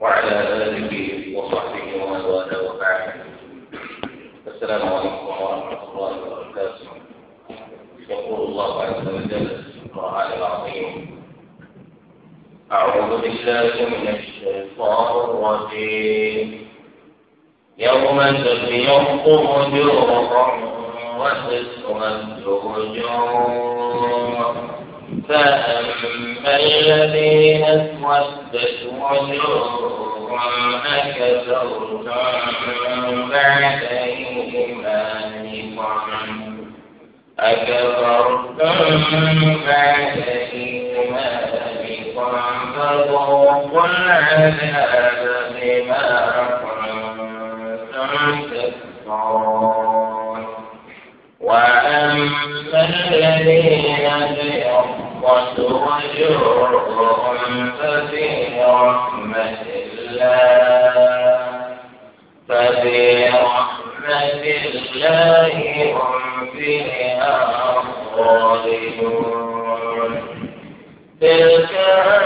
وعلى آله وصحبه ومن والاه وبعد السلام عليكم ورحمة الله وبركاته يقول الله عز وجل في القرآن العظيم أعوذ بالله من الشيطان الرجيم يوم تبيض وجوههم وتسود وجوههم فأما الذين اسودت وجوههم أكفرتم بعد إيمانكم أكفرتم بعد إيمانكم فذوقوا العذاب بما كنتم تكفرون وأما الذين بيضت قد ففي رحمة الله هم فيها خالدون تلك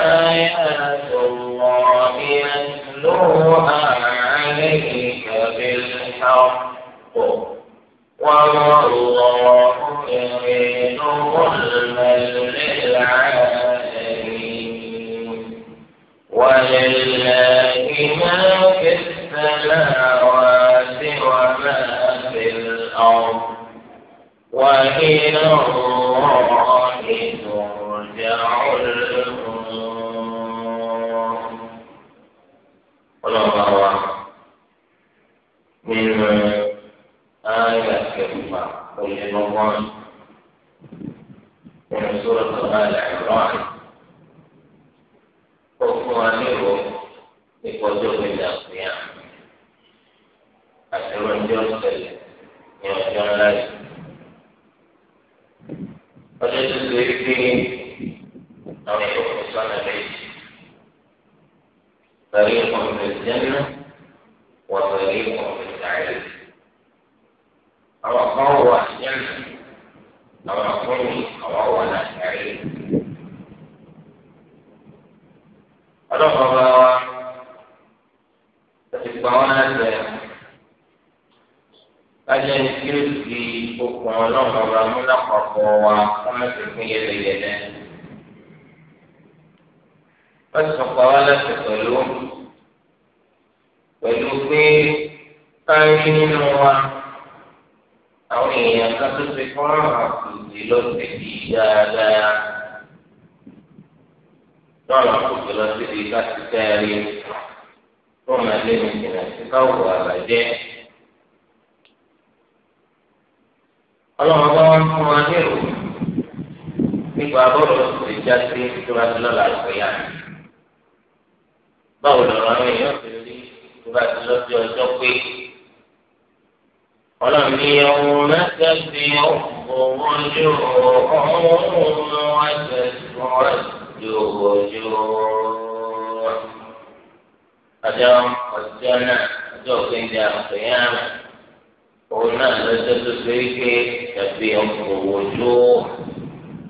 آيات الله نتلوها عليك بالحق وما الله يريد ظلما للعالمين ولله ما في السماوات وما في الأرض وإلى الله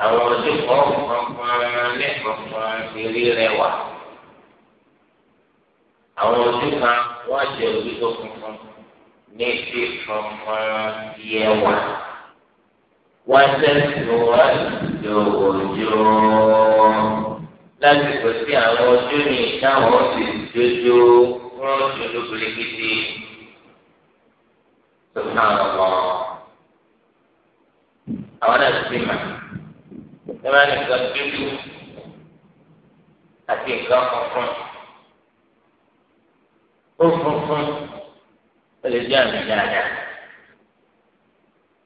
àwọn ọdún kan kankan lẹ́kọ̀ọ̀kan eré rẹ wà àwọn ojú kan wọ́n jẹ ojú tó funfun ní ti funfun yẹ wà wọ́n tẹ̀síwọ́n lòójó lásìkò tí àwọn ojú ní táwọn ti jójó wọ́n jòló birikiti tó kàn wọ́n àwọn náà ti mà ẹ máa nìkan dúdú àti nǹkan funfun ó funfun ó lè jẹ àmì dáadáa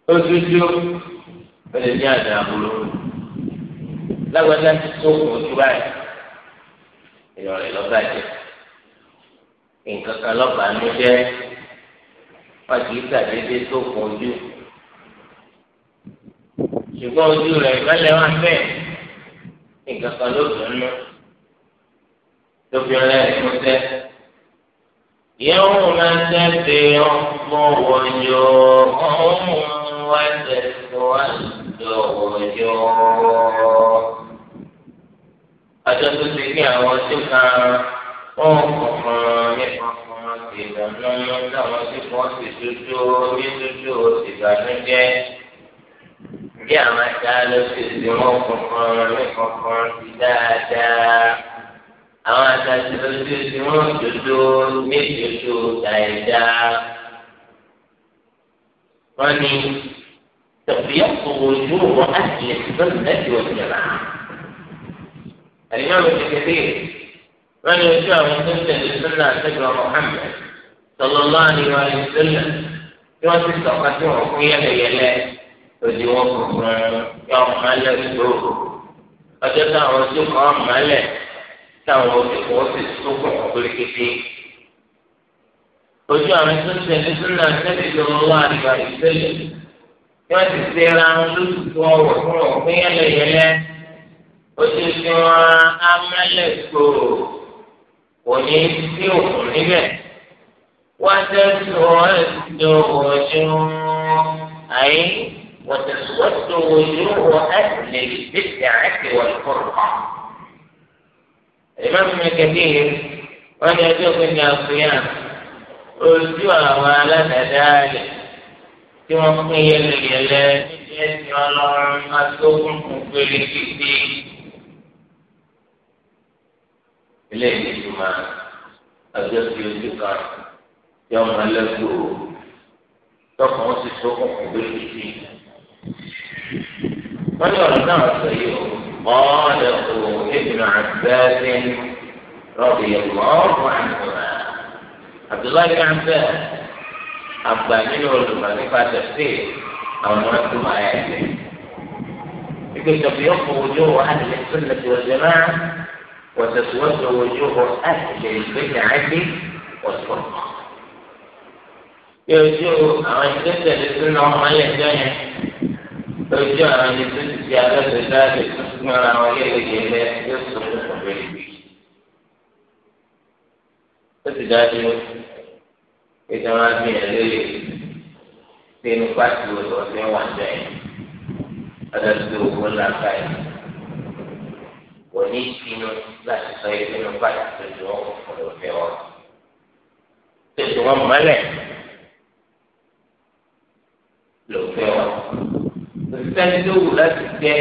ó dúdú ó lè jẹ àmì àbúrò lágbàdá ti tó kù ojú báyìí ìrọ̀lẹ́ lọ́bàjẹ́ nǹkan kan lọ́bàá ló jẹ́ wọ́n kì í sàdédé tó kù ojú ṣùgbọ́n ojú rẹ̀ ìmọ̀lẹ̀ wà bẹ́ẹ̀ nǹkan kan ló dùn nù lóbi ọ̀rẹ́ rẹ̀ tó tẹ́. يوم تبيض وجوه وتسود وجوه أجل تسكي وسكا وقفا يقفا في ذنب وسكا في سجود سجود سجود bí àwọn ajá ló ṣe ṣe wọn kankan ní kankan ti dáadáa àwọn ajá ti ló ṣe ṣe wọn dodo ní dodo dáadáa wọn ni tọ̀fíyàpọ̀ ojú wọn á ti lè fi lọ́sùn láti wọ̀ jẹ̀rà àyìnbó mi ti kéde wọn ni ojú àwọn tó ń tẹ̀lé sọ́nà àtẹ̀gbọ́n Muhammad sallallahu alaihi wa sallam tí wọ́n ti sọ̀kà tí wọ́n fún yẹlẹyẹlẹ òdi wọn funfun yọ ọmọlẹ sóòrò ọjọ́ táwọn ojú kan ọmọlẹ táwọn ojú kan ó sì sókùn kékeré ojú àwọn tó ń tẹ̀lé sínú àtẹ́lẹ̀ tó ń wá àgbà ìṣẹ̀lẹ̀ kí wọ́n ti ṣe ra lóṣù tó ọwọ́ fún òfin yẹlẹyẹlẹ ojú tí wọ́n amẹ́lẹ̀ sóòrò kò ní sí òkun níbẹ̀ wọ́n tẹ́ sọ ẹ̀sùn ojú àyè. وتسود وجوه أهل البدعة والفرقة إمام ابن كثير وأنا أجوز إلى الصيام قلت وما لنا ذلك ثم قيل لي لا تجد ولا عمتكم في الدين إليه ثم wọ́n yọ ọ̀rọ̀ náà sọ yìí o ọ̀ọ́dẹ kò ibùdó àbẹ́ẹ́sì rọ̀bì ọ̀ọ́dún àbúrà Abdullahi kàńtẹ́ àgbà nínú olùmọ̀ nípa tẹ̀síì àwọn ọmọ tó máa yẹ ẹ̀jẹ̀. يقول تبيض وجوه أهل السنة والجماعة وتسود وجوه أهل البدعة والفرقة. يوجوه أهل السنة والجماعة lójú àwọn ẹni tó ti fi adájọ́ dáàbò tó fún ara wọn gẹ́gẹ́gẹ́ yóò sọ fún ọ̀gbẹ́rẹ́ bí. ó ti dájú pé kí wọ́n á bí yẹn lóye pé inú pàtó ọ̀sẹ̀ wà ń bẹ̀rẹ̀ adájọ́ tó owó ńlá báyìí kò ní ìpinnu láti sọ ibi inú pàtó tó ju fẹ́ wọn. tètè wọn mọ́lẹ̀ lò fẹ́ wọn. sẹ́ni tó wù láti tẹ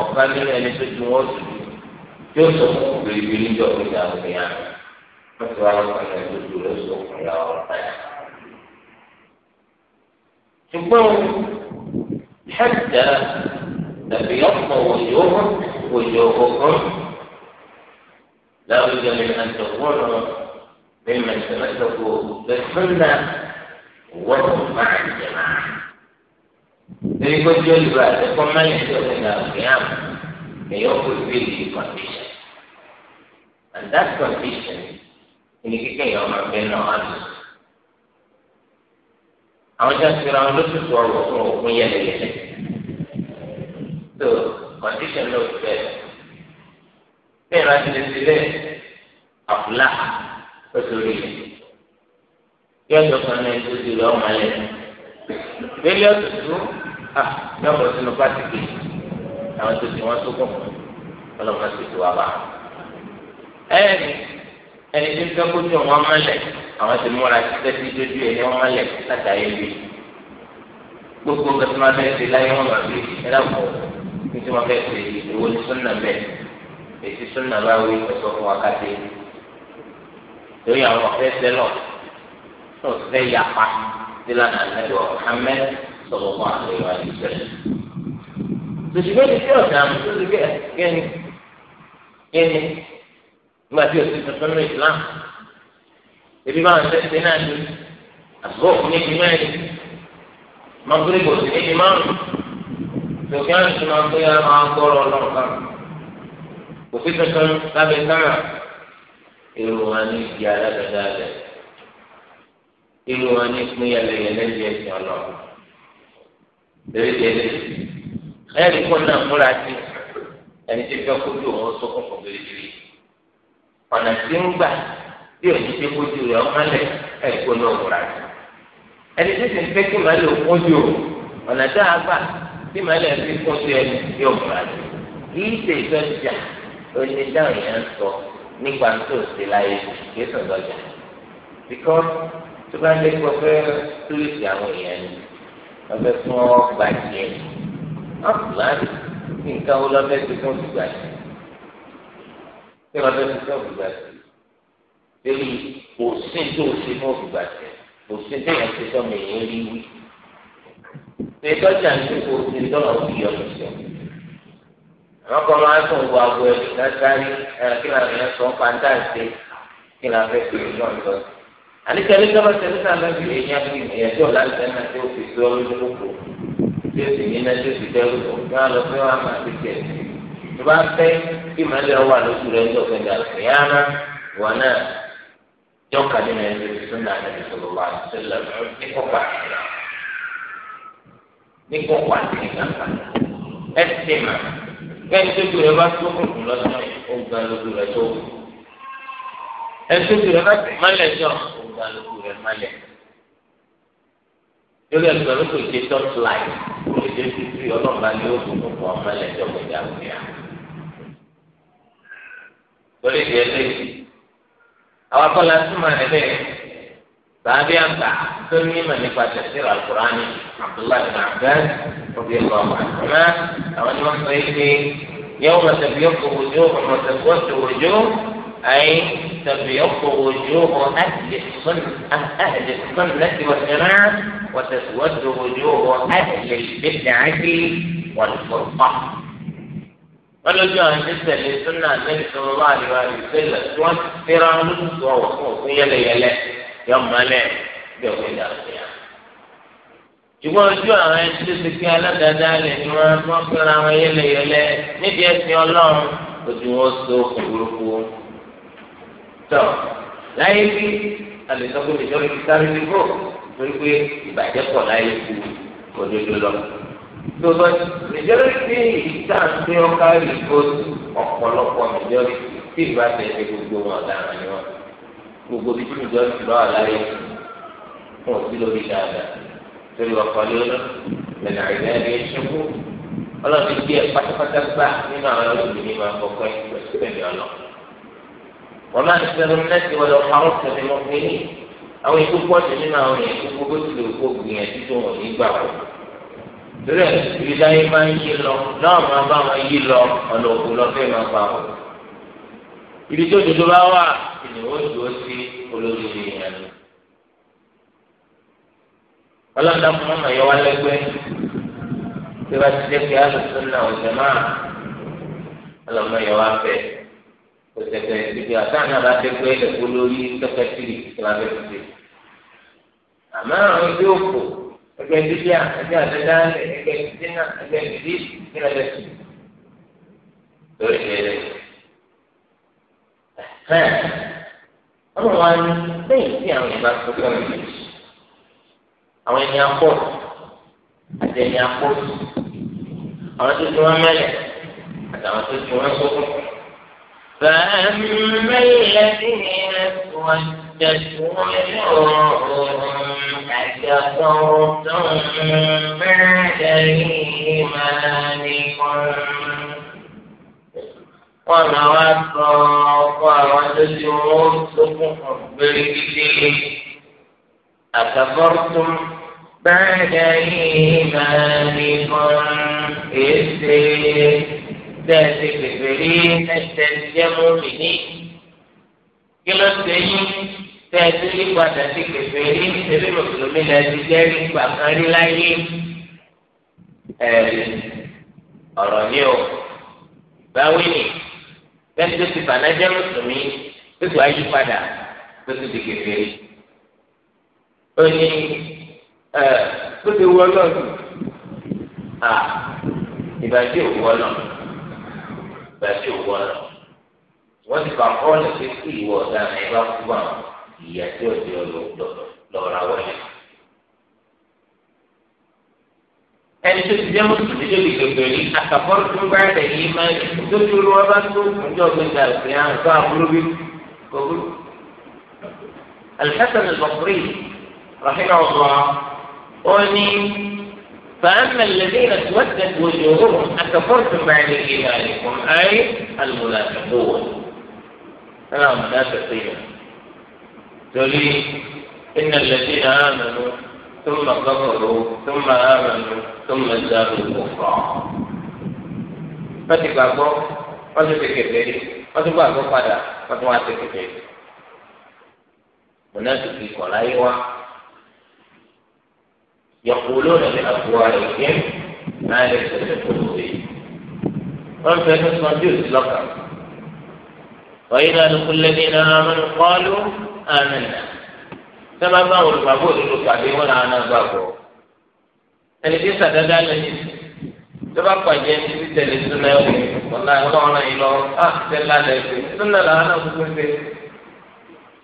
ọ̀ká nínú ẹni tó ju wọ́n sùn tí ó sọ fún bèbè níjọ ìjà òkè yá wọ́n ti wá lọ́kàn náà lokan ẹni to ju rẹ̀ sọ fún ìyá ọ̀rọ̀ táyà. ṣùgbọ́n ṣẹ́jà tàbí ọ̀pọ̀ òjò òjò òkun láwùjọ ní àtọ̀wọ́nà ní ìṣẹ̀lẹ̀ tó kù lẹ́sùn náà wọ́n máa jẹ̀ máa. lórí pé jọlùbà ẹ̀kọ́ mẹ́rin tí o náà kì í hàn èèyàn kò fi lè condition and that condition ni kíkẹ́ èèyàn máa fẹ́ náà wá lò. àwọn tí wọ́n ti ra wọn lóṣooṣù ọ̀rọ̀ fún òkun yẹlẹyẹlẹ so condition náà fẹ́ bẹ́ẹ̀ náà ti lè sílẹ̀ àfúlà ó sórí yọjọ kan náà tó ti lọ́ọ́ máa lẹ́nu mílíọ̀nù dùn à yọ̀bọ̀ sínú pàtìkì àwọn tó ti wọ́n sókùn ọlọ́mọ sì tó wà bá ẹ̀ẹ́nì ẹni tí ń fẹ́ kó tó wọn mọ́lẹ̀ àwọn ti múra títẹ́ sí dójú ẹni wọn mọ́lẹ̀ látàrí ẹbí gbogbo kẹsàn-án máa fẹ́ ṣe láyé wọn máa fi ẹ̀dá pọ̀ nítorí wọn fẹ́ ṣe ìwọ ní súnà bẹ́ẹ̀ èsì súnà bá wí ọ̀sọ̀ fún wákàtí lórí àwọn ọ̀fẹ́ sẹ́lọ̀ náà fẹ́ yapa sílànà ànábì wa Muhammad sọlọ fún àlejò àdìsẹlẹ tòṣìbẹ́ ni tí ọ̀sán àmì tó ti gbé ẹ̀kẹ́ni kíni nígbà tí òsì tuntun ní Islam ebi báwọn ṣẹṣẹ náà ni àsìkò òkú níbi mẹ́rin mọ́gírìbò sí níbi márùn tòkí àwọn ìṣúná pé a máa gbọ́rọ̀ ọlọ́run kan òsì tuntun lábẹ́ sára èrò wa ní ìdí alágbèdá rẹ̀ irú wọn ní ìpín yẹlẹyẹlẹ ń jẹ ìsìn ọlọ gbèrègbèrè ẹnì kan náà múra sí ẹni tí fẹ́ kójú òun sókun fún gbèrègbèrè ọ̀nà tí ń gbà tí òní fẹ́ kójú rẹ̀ ọmọlẹ̀ ẹnì kan náà múra sí ẹni tí sì ń fẹ́ kí màálù kójú o ọ̀nà tá a gbà tí màálù ẹni kójú ẹni yóò múra sí kì í ṣe ìtọ́jà onídàáyà ń sọ nígbà tó ṣe láyé kì í sọ̀dọ̀jà because tó bá lé kó fẹ́ pílíìsì àwọn èèyàn ni wọ́n fẹ́ fún ọ gbà jẹ́ wọ́n fún wa ní nǹkan wo lọ́ fẹ́ fi fún ìgbà jẹ́ kí wọ́n fẹ́ fi fún ìgbà jẹ́ lórí kò sí tó ṣe fún ìgbà jẹ́ kò sí tó yẹn ti sọ́mọ èèyàn rí wí. ṣé dọ́jà ń tó ṣe dọ́là òbí ọmọ sí ọ àwọn kan máa ń sùn wọ àgọ́ ẹ̀ ní ká sáré kí làwọn èèyàn sọ ń pa ń kí làwọn fẹ́ fi ìlú náà lọ àníkẹ́ ní kábà tẹ̀lé náà lọ́ọ́ bìrì ẹ̀yìn àti ìyẹn tí ọ̀la tẹ̀lé náà tí ó fi tó ọlọ́dún lóko tí ó sì ní náà tí ó fi dẹ́rù lọ kí wọ́n lọ fẹ́ wọn máa ti tẹ̀ sí tó bá fẹ́ kí màálẹ̀ wà lójú rẹ̀ ń dọ̀fẹ́ dà lẹ́yàrá wọn náà jọ́ka nínú ẹni tó tún náà lẹ́yìn tó lọ́wọ́ àtúntẹ̀lẹ̀ ní kọ́kọ́ àtìlá ní kọ́kọ́ àtìlá ẹ̀ sì mà kẹ́ni tó ju rẹ̀ bá tó kùnkùn lọ́sàn ẹtútù rẹ mọlẹ jọ ìgbàlùkù rẹ mọlẹ lórí ẹgbẹ̀rún kò ṣe tọ́t láì kò ṣe tútù ọlọ́mọba ní oògùn tó pọ̀ mọlẹ jọ kò dá òun yá. lórí ìdí ẹlẹ́yìí àwọn akọ́lá súnmọ́ rẹ bẹ́ẹ̀ sàbí àgbà tó ní mà nípa tẹ̀sí àlùkùránì Abdullahi bin Abdul rabi allah ma'ana àwọn ni wọ́n sọ yìí pé yẹ́wọ́n mọ̀tẹ́bí yóò kó ọmọ mọ̀tẹ́bí wọ́n ti أي تبيض وجوه أهل السنة أهل السنة والجماعة وتسود وجوه أهل البدعة والفرقة ọlọ́jọ́ àwọn ẹni tẹ̀lé súnà lẹ́yìn tó wà níwá ìṣẹ̀lẹ̀ tí wọ́n ti fẹ́ra wọn lóṣù tó wọ̀ fún òfin yẹlẹyẹlẹ yọ mọ́lẹ̀ bí òfin dàgbéyà. ṣùgbọ́n ojú àwọn ẹni tó ti fi aládàáda lẹ̀ ni wọ́n fẹ́ra wọn yẹlẹyẹlẹ níbi ẹ̀sìn ọlọ́run ojú wọn so òkú burúkú tọ láyé bí alùsọ́kù lè jọ́ ibi sáré ní bò torí pé ìbàjẹ́ pọ̀ láyé kú òdodo lọ. tó bá mẹjọ́rìtì ìtàǹtì ọ̀ká ìbò ọ̀pọ̀lọpọ̀ mẹjọ́rìtì tí ìbá tẹ̀lé gbogbo wọn ọ̀daràn ni wọn. gbogbo bí tíì mẹjọ́rìtì lọ́wọ́ láyé fún òbí lórí dáadáa torí ọkọ̀ lónà mẹ̀nà ìgbà ẹ̀rí ẹ̀ṣẹ́kù ọlọ́run ti di ẹ̀ pátápátá gbà nínú àwọn olùdíje máa kọ́kọ́ ẹ̀ pẹ̀lú ọlọ́run. وما أكثر الناس ولو حرصت بمؤمنين àwọn ikú pọ̀jù nínú àwọn yẹn kó gbogbo tó lè kó gbìyànjú tó wọn nígbà wọn. torí ẹ̀ ìdáyé máa ń yí lọ náà máa bá wọn yí lọ ọ̀nà òkú lọ fẹ́ máa bá wọn. ibi tó dodo bá wà ìnáwó dúró sí olórí ènìyàn ni. ọlọ́dà fún ọmọ yẹn wá lẹ́gbẹ́ tí wọ́n ti dẹ́kun alùpùpù náà ọ̀sẹ̀ máa ọlọ́mọ yẹn wá fẹ́ẹ́ pẹ̀tẹ̀pẹ̀ ibi àtàwọn náà bá dé pé ẹ̀kọ́ lórí pẹ̀tẹ̀ tìrì ìlànà ìdíje. àmọ́ àwọn ibi òkò ẹgbẹ́ dídí ẹgbẹ́ àdédá ẹgbẹ́ dídínà ẹgbẹ́ dídí ìlànà ìdíje. lórí ìdíje ẹ̀ ọmọ wa ni lẹ́yìn tí àwọn ìgbà tó kọ́ ní ìdíje àwọn ẹni akọ́ àti ẹni akọ́ àwọn tó wọn mẹ́lẹ̀ àtàwọn tó ti wọn sókùn. فأما الذين اسودت وجوههم أكفرتم بعد إيمانكم ومرض وتجرؤتكم بالكفر أكفرتم بعد إيمانكم إذ tẹ̀sí bèbèrè ẹsẹ̀ jẹ́ mọ́mì ní. kí ló ṣe yín tẹ̀sí nípa tẹ̀sí bèbèrè ẹbí mùsùlùmí lẹ́sí jẹ́ nípa kan rí láyé. ẹ̀rí ọ̀rọ̀ ni o báwí ni bẹ́ẹ̀ tó ti bànájẹ́ mùsùlùmí tó tó ayé padà tó ti di bèbèrè. ó ní ẹ̀ tó ti wọ́ lọ́dún à ìbàjẹ́ òwú ọlọ́run ìgbà tí ò wọ́n lọ. wọ́n ti pàpọ́ ní pé kí ìwọ ọ̀daràn ẹ bá kú àwọn ìyá tí ò di ọlọ́dọ̀ lọ́ra wọlé. ẹni tó ti jẹ́ mùsùlùmí tó lè gbègbè rí àkàfọ́rọ́ tó ń bá rẹ̀ yìí máa ń tó tó lọ́wọ́ bá tó ọjọ́ gbẹ̀ngà òfin àwọn tó àbúrò bí kò burú. الحسن البصري رحمه الله قال فأما الذين اسودت وجوههم أكفرتم بعد إيمانكم أي المنافقون أنا منافقين تريد إن الذين آمنوا ثم كفروا ثم آمنوا ثم زادوا كفرا wọ́n ti gbàgbọ́ wọ́n ti ti kékeré wọ́n ti gbàgbọ́ padà wọ́n يقولون بأفواههم ما ليس بقلوبهم وان فإن مجوس لقب وإذا لقوا الذين آمنوا قالوا آمنا كما باو المعبود المتعبي ولا أنا باو ẹni tí sàdáda lẹ́yìn tó bá pàjẹ́ títí tẹ̀lé súnà ẹ̀wọ̀n ọ̀la ẹ̀wọ̀n ọ̀la ìlọ á tẹ̀lé àdẹ̀sẹ̀ súnà làwọn náà kúkú ń ṣe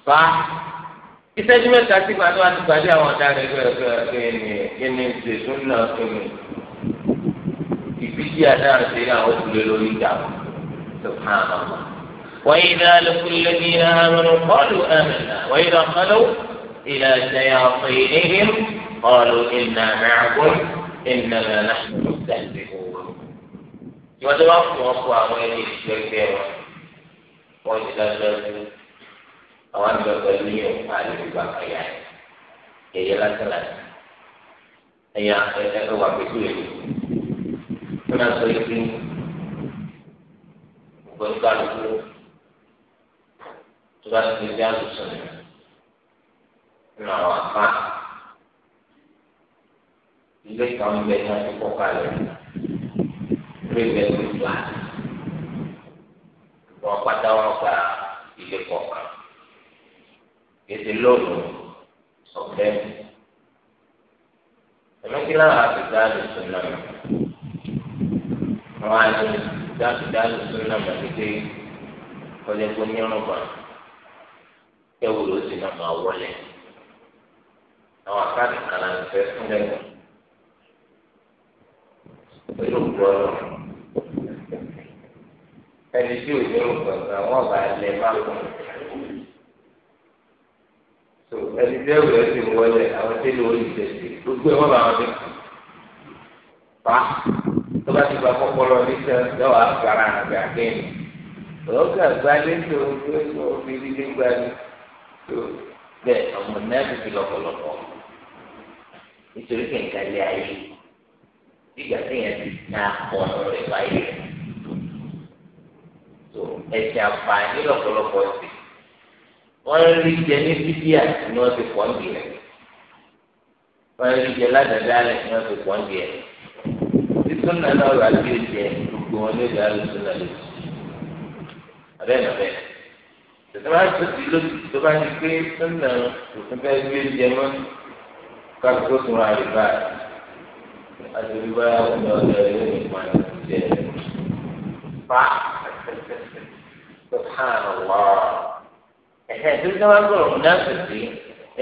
fa ìṣẹ́jú mẹ́ta tí gbàdúrà wọn ti gbàdé àwọn ẹgbẹ́ ẹni ṣe tún náà tó mi ìbísí àdáhùn ṣe àwọn òkúlẹ̀ lórí ìjà subhanallah. وإذا لقوا الذين آمنوا قالوا آمنا وإذا خلوا إلى شياطينهم قالوا إنا معكم إنما نحن مستهزئون. يوجد أخوة أخوة وإن يشتركوا وإذا لقوا àwọn àmì ọ̀dọ́ ẹni yóò fà lè gbogbo àkàyà yẹyẹ lásán lásán ẹ̀yà ẹ̀wà pẹ̀lú rẹ̀ wọ́n á sọ ike gbọ̀ngàn àlùkò tó bá ti di àlùsùn nínú àwọn àfáà ilé kan ń bẹ náà ti kọ́ kalẹ̀ three bedroom flat wọn pátá wọn gba ilé kọ̀ọ̀kan kéde lóògùn ọ̀fẹ́ ẹ̀mẹ́kí láwọn àtúntà àdùsùn náà wọn á ní àtúntà àdùsùn náà mọ̀ kété kọjá tó ní ọ̀rùn kan ẹ̀wù ló sì náà máa wọlé àwọn àkáàdì kan láti fẹ́ fún lẹ́wọ̀n pẹ̀lú gbọ́dọ̀ ẹni tí ò ní ọ̀rùn kan àwọn ọ̀gá ilẹ̀ máa kọ́ ọ̀rùn tó ẹni tẹ́ ìwé ti wọlé àwọn tẹ́lẹ̀ orí tẹ̀sí gbogbo ẹ̀ wọ́n bá wọn dé pa tó bá ti gba kọ́kọ́rọ́ ní sẹ́ lọ́wọ́ àgbàrá àgbà kéènì lọ́wọ́ àgbà lẹ́sẹ̀ ojú ẹ̀sọ́ òfin líle gba ni tó bẹ́ẹ̀ ọmọ náà ti fi lọ́pọ̀lọpọ̀ nítorí kẹ̀kẹ́ lé ayé ìgbà téèyàn ti na ọ̀rọ̀ rẹ̀ wáyé rẹ̀ tó ẹ̀sìn àǹfààní lọ́pọ̀lọpọ̀ sí wọ́n rí jẹ ní fídíà ni wọ́n ti pọ̀ ń di rẹ̀ wọ́n rí jẹ ládàáda rẹ̀ ni wọ́n ti pọ̀ ń di rẹ̀ títún náà náà rà bí oúnjẹ gbogbo wọn ló dáa lóṣù náà lóṣù abẹ́ nà bẹ́ẹ̀ tètè máa tó ti lóṣù tó bá ti pé tún náà tòtún fẹ́ bí oúnjẹ mọ́ káàkó tó rà rí báyìí àti bí báyà wọn lọ rẹ yóò ní pa jẹ pa subhanallah ẹ̀hẹ́ torí ká máa ń sọ̀rọ̀ mùnáfíìsì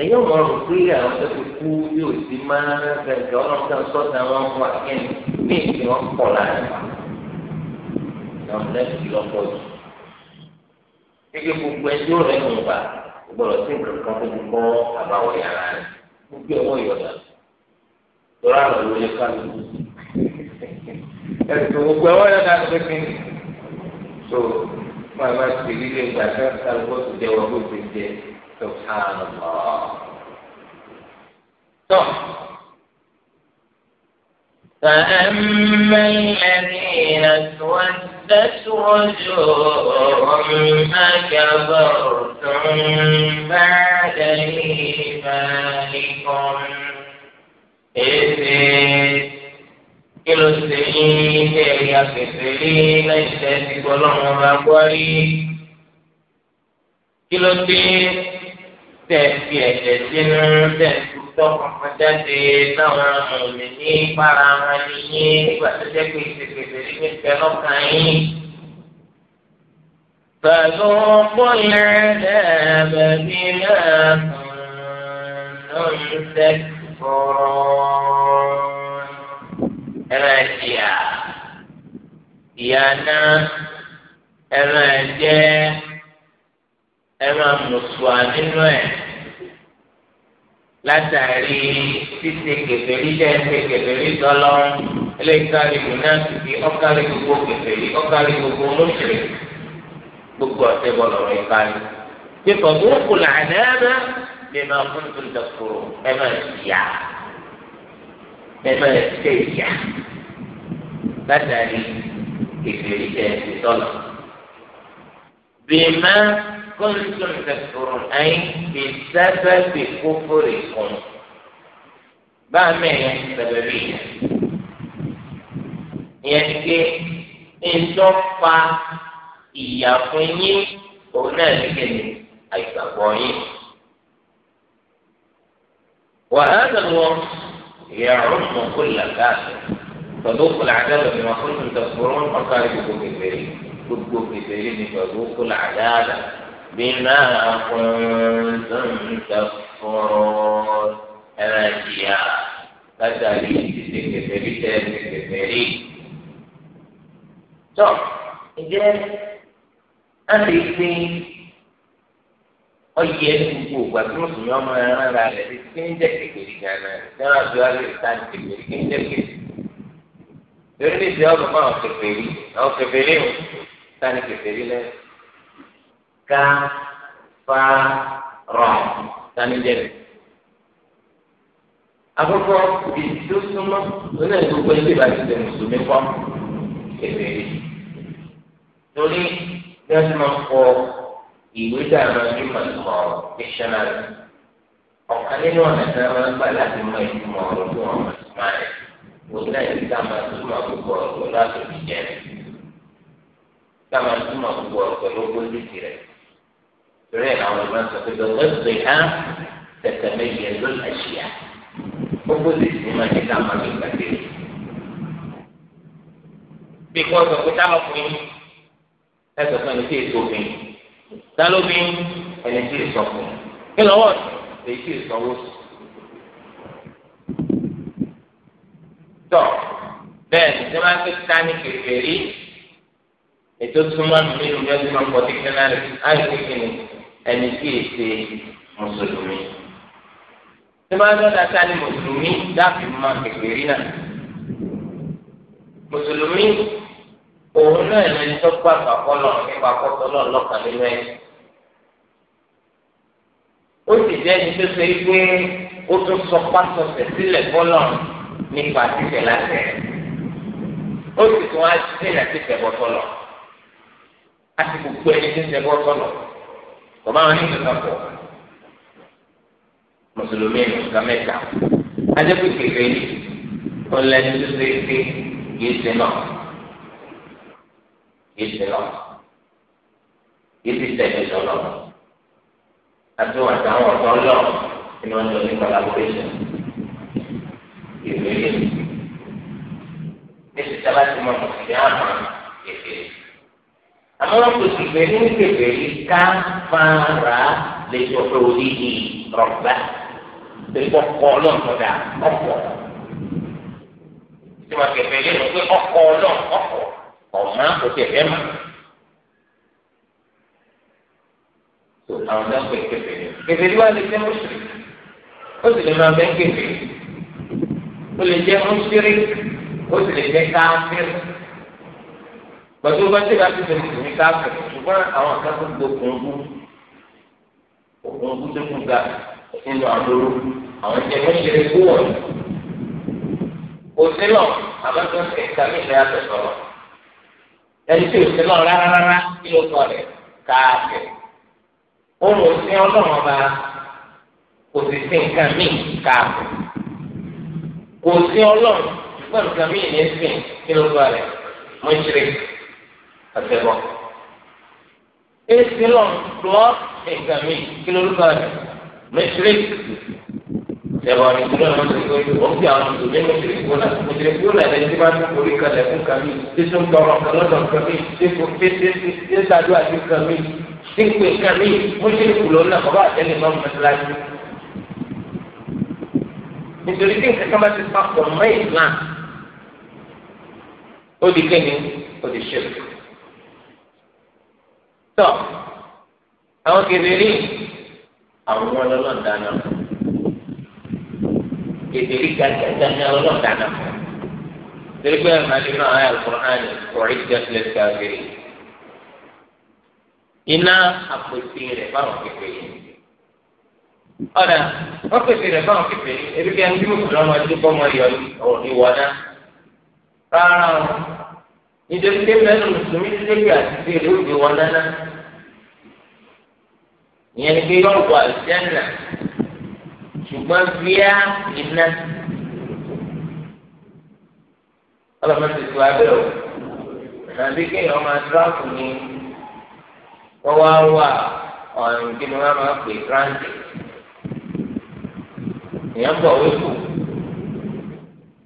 ẹ̀yẹ́ wọn rò pé àwọn tó ti kú yóò ti máa ń fẹ̀sẹ̀ ọlọ́ọ̀tà sọ́ọ̀tà wọn fún akẹ́ni ní ìsìn wọn pọ̀ láàrin àwọn mùnáfíìsì lọ́pọ̀ jù gẹ́gẹ́ gbogbo ẹjọ́ rẹ̀ ń gbà gbọ́dọ̀ sí nǹkan tó ti kọ́ àbáwọ̀ yàrá rẹ̀ gbogbo ẹ̀wọ̀n ìyọ̀dà lọ́rọ̀ àlọ́ ló lè ká lóko ẹ̀sìn gbogbo ẹ̀wọ̀n ìyọ̀dà ló ti máa máa ti rí lé ìgbà tó kálukó tó jẹ wọn kó tó jẹ tó hàn mọ́. tọ́ فأما الذين اسودت وجوههم أكفرتم بعد إيمانكم إذ kí ló ṣe yín ní ẹ̀rí afẹ́fẹ́ rí lẹ́yìn tẹ́ ti gbọ́ lọ́wọ́ ọba gbọ́ rí kí ló dé tẹ̀ fi ẹ̀jẹ̀ sínú tẹ̀ tó kọ̀ọ̀kan jáde táwọn ọ̀mọ̀mí ní para wọn ní yín nígbà tó jẹ́ pé ìṣèkèsè rí ní ìfẹ́lọ́kàn yín. فذوقوا العذاب بما كنتم تكفرون ẹran ìyà ìyà náà ẹran ẹ̀jẹ̀ ẹran mùsùlùmá nínú ẹ̀ látàrí títí kẹfẹ́rí tẹ́tẹ́ kẹfẹ́rí tọ́lọ́ ẹlẹ́kàrí mùnàfíì ọ̀kárí gbogbo kẹfẹ́rí ọ̀kárí gbogbo mùsùlùmí gbogbo ọ̀sẹ̀ bọ̀lọ̀ rẹ̀ kárí. pípọ̀ gbogbo làdáná lè máa fún tuntun kúrò ẹ máa bẹ̀rẹ̀ ṣe ìyá látàrí kékeré tẹ ìtọ́lọ̀. bìmá kóńtùn tẹ̀sùrù ayé bí sábà bí kófòrè kùn. bá a mẹ́rin sẹ̀bẹ̀ bí yẹn. ìyẹn ti ké ńtọ́ fa fún yín òun náà ní kéde àìgbàgbọ́ yín. wàhálà lọ́wọ́. يعم كل كافر فذوقوا العذاب بما كنتم تكفرون فقال كفرين gbogbo kékeré ni pẹ̀lú kó là dáadáa bí náà kùntùn tẹ fọ́rọ́ ẹ̀rọ ìyá látàrí ìdíje kékeré tẹ ẹni kékeré. tọ́ ǹjẹ́ a lè pín ọyẹ ẹni gbogbo ògbà tí mùsùlùmí ọmọ ẹ rán ara rẹ kí ní jẹ kékeré gánà ní wọn àti wàá lè ta ní kékeré kí ní jẹ kékeré lórí ní ìṣe ọdún fún àwọn kékeré àwọn kékeré ń ta ní kékeré lẹ ká fa rọ ta ní jẹ rẹ. àkọ́kọ́ ìdí tó súnmọ́ lónà ìgbogbo ilé ìbàdí tẹ mùsùlùmí kọ́ kékeré torí bí wọ́n ti ìwé tá a máa ọ̀rọ̀ ọ̀kan nínú ọ̀nà a gbà láti mọ ìtumọ̀ ọ̀rọ̀ rẹ̀ túmọ̀ gbogbo ọ̀rọ̀ pẹ̀lú àtòkì jẹ́ rẹ̀ túmọ̀ gbogbo ọ̀rọ̀ pẹ̀lú rẹ̀ torí ẹ̀ làwọn sọ pé gbogbo ẹ̀sìn á tẹ̀tẹ̀ méje ló gbogbo ẹ̀sìn dálóbi ẹni tí ì sọ fún kí lọ́wọ́ èyí tí ì sanwó sí. tọ́ bẹ́ẹ̀ ni tí wọ́n á fi ká ní kẹfẹ́ rí ètò súnmọ́ nínú bí wọ́n ti máa ń pọ̀ dictionary àìsí ẹni tí ì ṣe mùsùlùmí. tí wọ́n á lọ́dà ká ní mùsùlùmí dáàbì máa kẹfẹ́ rí náà mùsùlùmí òun náà lẹni tó gbà pàpọ̀ lọ nípa pọ̀tọ́ lọ lọ́kàn nínú ẹ̀yìn. ó sì jẹ́ ẹni tó ṣe pé ó tún sọ pásọsẹ̀ sílẹ̀ fọlọ́ nípa títẹ̀ láti ẹ̀. ó sì tún á sílẹ̀ títẹ̀ bọ́tọ̀ lọ. a ti gbogbo ẹni tó ń tẹ bọ́tọ̀ lọ. bàbá wọn ní ìgbà pọ̀ mùsùlùmí nǹkan mẹ́ta. ajẹ́ pé kékeré ọ̀lẹ́ni tó ṣe pé yéé ṣe náà ìṣe lọ ìdí tẹ̀lé lọ́lọ́ àti wọn àtàwọn ọ̀tọ́ lọ inú wọn lọ ní collaboration ìrírí ní ti sábà tí mo mọ̀ sí àmọ́ kékeré àmọ́ wọn kò sì gbé ní kékeré ká fara lè sọ pé o ní ní rọ̀gbà lè kọ́ kọ́ ọlọ́ọ̀tọ̀dà ọ̀pọ̀ tí wọn kẹfẹ́ lé lọ pé ọkọ̀ ọlọ́ọ̀ ọ̀pọ̀ ọ̀mọ́ kò tẹ̀ fẹ́ mọ́. tó àwọn tó ń pè kéfè ní. kéfè ní wà lè jẹ́ mùsùlùmí ó sì lè máa bẹ́ kéfè ó lè jẹ́ mùsùlùmí ó sì lè jẹ́ káfíìrì pẹ̀lú bá ti bá ti fẹ́ mùsùlùmí káfíìrì ṣùgbọ́n àwọn kan tó gbogbo ògùn ògùn ògùn tó kù ga nínú àdúró àwọn jẹ́ mùsùlùmí kúwọ̀n òsínà àbájọ ẹ̀ka mi ìlera tẹ̀sán ẹni tí òsè náà rárá rárá kí ló sọ rẹ káàkiri òun òsè ọlọ́run ọba kò sì sí nǹkan míì káàkiri kò sí ọlọ́run ṣùgbọ́n nǹkan míì ní sìn kí ló sọ rẹ mọ́ṣírí àtẹ̀bọ̀ èsì lọ́n lọ́ọ́ nǹkan míì kí ló sọ rẹ mọ́ṣírí ẹ̀rọ ìdúró náà ti gbé òun fi àwọn ìdùnnú ní mùsùlùmí náà mùsùlùmí náà lẹ́yìn tí wọ́n ti forí kalẹ̀ fún kàmí tí tó ń tọrọ kọlọ́dọ̀ kàmí tí kò tí tí tí tí sàdúrà sí kàmí tí pé kàmí mùsùlùmí lòun náà kọ́ba àtẹ́lẹ̀ náà mọ̀tíláṣí. nítorí tí nǹkan kan bá ti papọ̀ mọ́ ìslam ó di kéde ó di ṣe. tọ́ àwọn kèfèrí àwọn ọlọ́lọ́ kèdèrí gàdàgà ní ọlọ́dà náà fún un torí pé ẹ̀rọ àti náà ayé alukur'ani ọ̀rẹ́ ti dẹ́kulẹ̀ ti káfíìrì iná àpèsè rẹ̀ fáwọn kẹfẹ́ yìí ọ̀dà wọ́n pèsè rẹ̀ fáwọn kẹfẹ́ yìí ebi kí ẹni tí mo sọ̀rọ̀ ọmọ ẹdín kọ́ ọmọ yọ ọ̀rọ̀ ní wọ́dá rárá o nítorí pé mẹ́rin mùsùlùmí ti dé bí àtìsí ìlú ìdíwọ́n náná ìyẹn ni pé yọ̀ọ̀bù àlùjẹ́ náà ṣùgbọ́n bíá iná. ọlọ́mọ ti tu abẹ́ o nàbí kéèyàn máa tíráàpù ni wọ́n wá wà ọ̀rìn kí ni wọ́n máa pè tíráǹtì. èèyàn bọ̀ wípò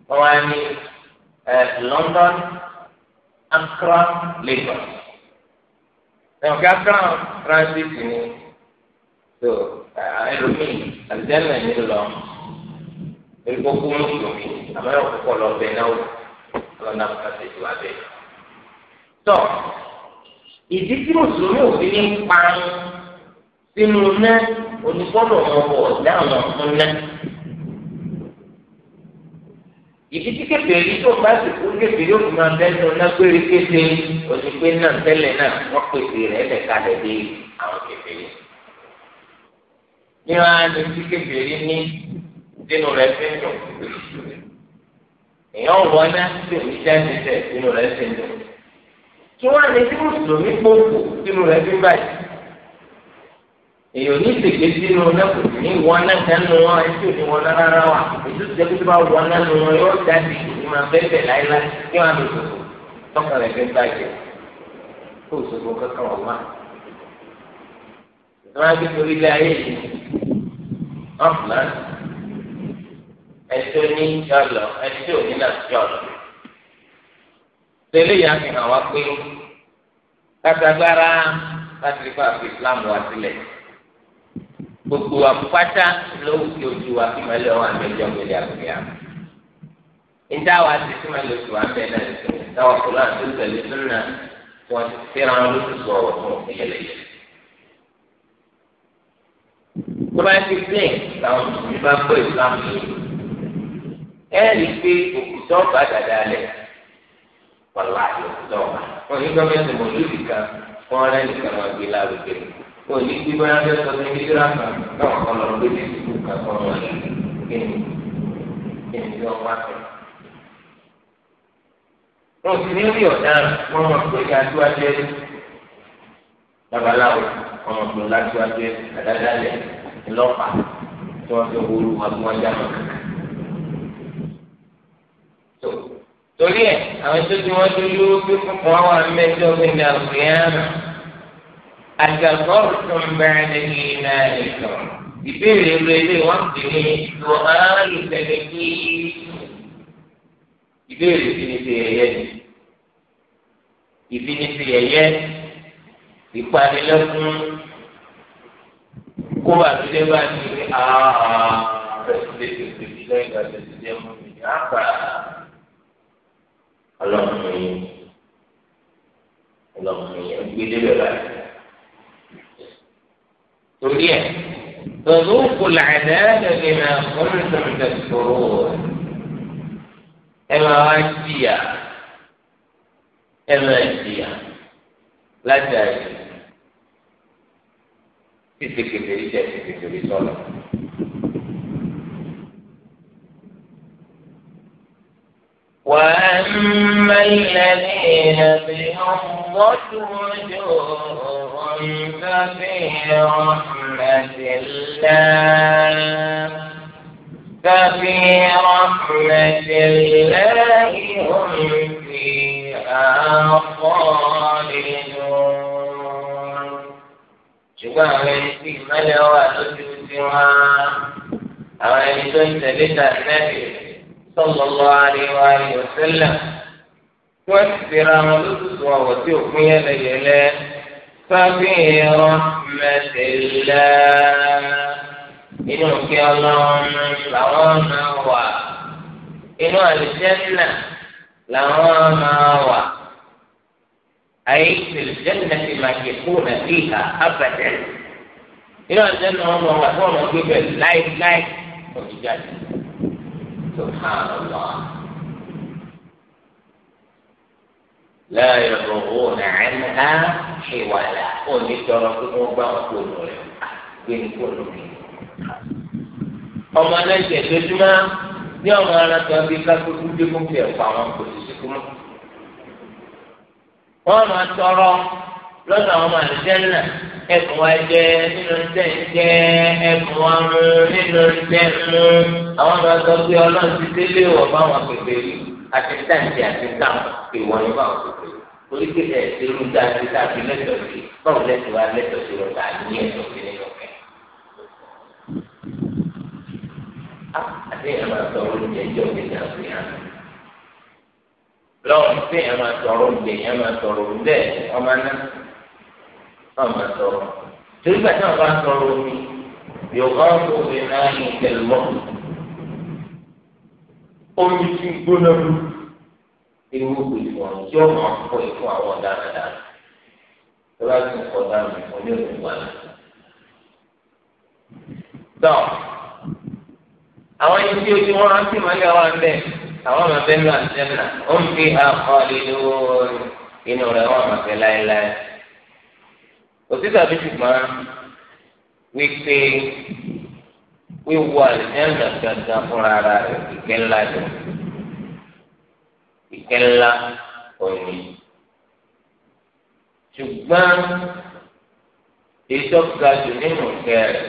wọ́n wá ní London Accra Lagos. ẹ̀wọ̀n kí Accra transit ni ẹlòmíì àlùjáde ní lọ erikoko mùsùlùmí àmọ́ ẹ kọkọ lọ bẹ náà lọ náà kọ sí ìwà bẹ tọ ìdí tí mùsùlùmí òfin ní pa sínú náà onígbọ́dọ̀ wọn bọ̀ dáhùn fún náà ìdí tí kébèrè tó bá sì kú kébèrè yóò fi máa bẹ́ẹ̀ tó ná péré kéde onígbé náà tẹ́lẹ̀ náà wọ́n pèsè rẹ̀ ẹ̀ẹ́dẹ̀kalẹ̀ dé àwọn kébèrè níwá ní ti kébèrè ní sínú rẹ̀ fi ń dùn èèyàn wọ iná tí òní jáde tẹ sínú rẹ̀ fi ń dùn kí wọ́n ní tí mùsùlùmí gbòòkò sínú rẹ̀ fi ń báyìí èèyàn ní ìsèké sínú lẹ́kùn ní ìwọ́n náà kánú wọn ẹtí òní wọn náà rárá wa ètò ìjẹ́ kó tó bá wọ náà nù wọn yóò jáde ní máa bẹ́ẹ̀ bẹ́ẹ̀ láéláé kí wọ́n á lò sòkò tọ́kàn rẹ̀ fi ń bàjẹ́ kó sòkò kankan wọ̀ máa wọn á gbé torí ilé ayé yìí wọn fúnra ẹtí oní yọlọ ẹtí oní náà yọlọ tẹ́lẹ̀ yà fi hàn wá pé kátàgbára láti rí fàáfi islam wá sílẹ̀ gbogbo àpáta lówù kí ojú wa fi mẹlẹ wọn àmẹjọ gbẹlẹ àgbẹyà níta wa ti fi mẹlẹ oṣù wa bẹ náà lẹsẹ náà wọn kúrò àti tẹ́lẹ̀ tó náà wọn ti fẹ́ràn lóṣù sọ̀rọ̀ fún ìyẹlẹyẹlẹ. tó bá ti clean làwọn mùsùlùmí bá gbọ́ islam yìí ẹ rí i pé òkùtọ́ bá dàda lẹ̀ wàlá òkùtọ́ bá wọn ní gọ́ọ̀mẹ́ntì mọ̀lúbì kan wọn rẹ́ nìkan wọn gbé lárugẹ wọn ní bí bóyá bẹ́ẹ̀ sọ fún ìdíra kan náà kọ́ lọ gbé ní ìdíkù kan kọ́ wọn lẹ̀ kí ni kí ni wọ́n sì ní rí ọ̀daràn wọn mọ̀ pé kí a babaláwo wọn mọ̀ pé àdáda lẹ̀ ńlọ́pàá tí wọ́n fi wúru wọn tí wọ́n já lọ kankan. torí ẹ̀ àwọn tó ti wọ́n dúró bí fúnfún wa wà mẹ́jọ bí ní àlùkìyàmù àgàgọ́rù tó ń bẹ̀rẹ̀ ní kí náà nìkan ìbéèrè rere wọn ti ní lo àálù kí ìbéèrè ti ní ti ẹ̀yẹ ni ìbí ní ti ẹ̀yẹ ìpanilẹ́kùn kó bá ti dé bá ní ààrẹ lè tètè bí lẹ́yìn ìgbà tètè dé mú mi àbá ọlọ́run mi ọlọ́run mi ẹgbẹ́ débẹ̀ báyìí. torí ẹ̀ tọ́lúkù làdáàdà lè máa fún ìtọ́jú ìṣòro ẹ máa wá jìyà ẹ máa jìyà látàrí títí kékeré jẹ ti kékeré sọlọ. وأما الذين بيضت وجوههم ففي رحمة الله ففي رحمة الله هم فيها خالدون ṣùgbọ́n àwọn ẹni tí ìmọ̀lẹ̀ wà lójú ti wọn àwọn ẹni tó ń tẹ̀lé tàbí sallallahu alaihi wa sallam tí wọ́n ti fi ra wọn lóṣooṣù ọ̀wọ̀ tí òkun yẹlẹyẹlẹ fáfihàn rahmatillah inú kí ọlọ́run làwọn máa wà inú àlùjànnà làwọn máa wà. أي في الجنة ما يكون فيها أبدا إلى الجنة وما وهم جبل لايك لايك وجدال سبحان الله لا يبغون عنها حوالا أولي تركوا وبغضوا بين كل من ọmọ náà ṣe lójúmọ́ ní ọmọ ara kan bíi kákó kúndé kó wọn máa tọrọ lọ́dọ̀ àwọn ọmọ àlùjẹ́nà ẹ̀kún wa jẹ nínú tẹ̀ jẹ ẹ̀kún wa mú nínú tẹ̀ mú àwọn máa sọ pé ọlọ́run ti délé wọ̀ fáwọn pèpè yìí ah, àti àti ní pèpè pé ẹ̀ ṣe irú tàbí lọ́wọ́ pé ẹ máa sọ̀rọ̀ gbè ẹ máa sọ̀rọ̀ ndẹ́ ọmọ aná náà máa sọ̀rọ̀ torí gbà táwọn bá sọ̀rọ̀ omi yorùbá ọ̀pọ̀ mi náà ní ìtẹ̀lẹ́mọ́ omi ti gbóná lu ewu gbèsè ọ̀rọ̀ tí ó máa fọ ìfún àwọn dáadáa tó bá tún kọ dáadáa ìfún ní òkú wa náà. tọ́ àwọn ẹni tí ojú wọn á sì máa yára ń bẹ́ẹ̀ àwọn ọmọ bẹ́ẹ̀ ní àtẹ́nà ó ń fi àkọọ́lẹ̀ lórí inú rẹ̀ wọ́n máa fẹ́ láéláé. òtítọ́ àbí ṣùgbọ́n wípé wíwọ àlùjáńdà gangan fúnra ara rẹ̀ ìkẹ́ ńlá jọ ìkẹ́ ńlá òní. ṣùgbọ́n ìjọba jù nínú kẹrẹ̀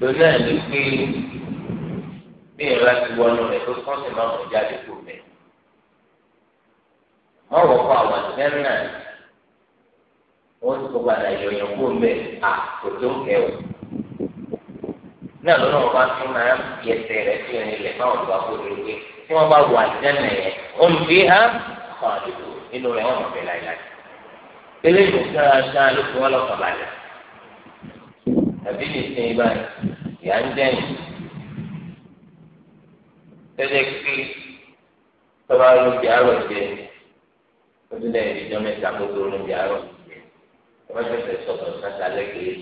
lónà ní pé èèyàn láti wọnú rẹ̀ tó kọ́ sí máa mọ̀ jáde kó mẹ́. mọ̀rọ̀ kọ́ àwọn àtẹ́rìn náà wọ́n ti kó padà yọ̀yàn kó mẹ́ à kò tó ń kẹ́ o. náà lọ́nà wọn bá fi máa ń fi ẹsẹ̀ rẹ̀ sí ẹni lẹ̀ fáwọn ìgbà kó lè gbé tí wọ́n bá wọ àtẹ́rìn yẹn ó ń fi hàn kọ́ àdúgbò nínú rẹ̀ wọ́n mọ̀ bẹ́ẹ̀ láìláì. eléyìí ló ń dẹ́yìn tẹ́lẹ̀ kí tọ́ba ló ń jàrọ̀ jẹ ọdún náà ìjọ mẹ́ta kó tó ló ń jàrọ̀ ọba tẹ̀sẹ̀ sọ̀tọ̀ sáta lẹ́kẹ̀ẹ́.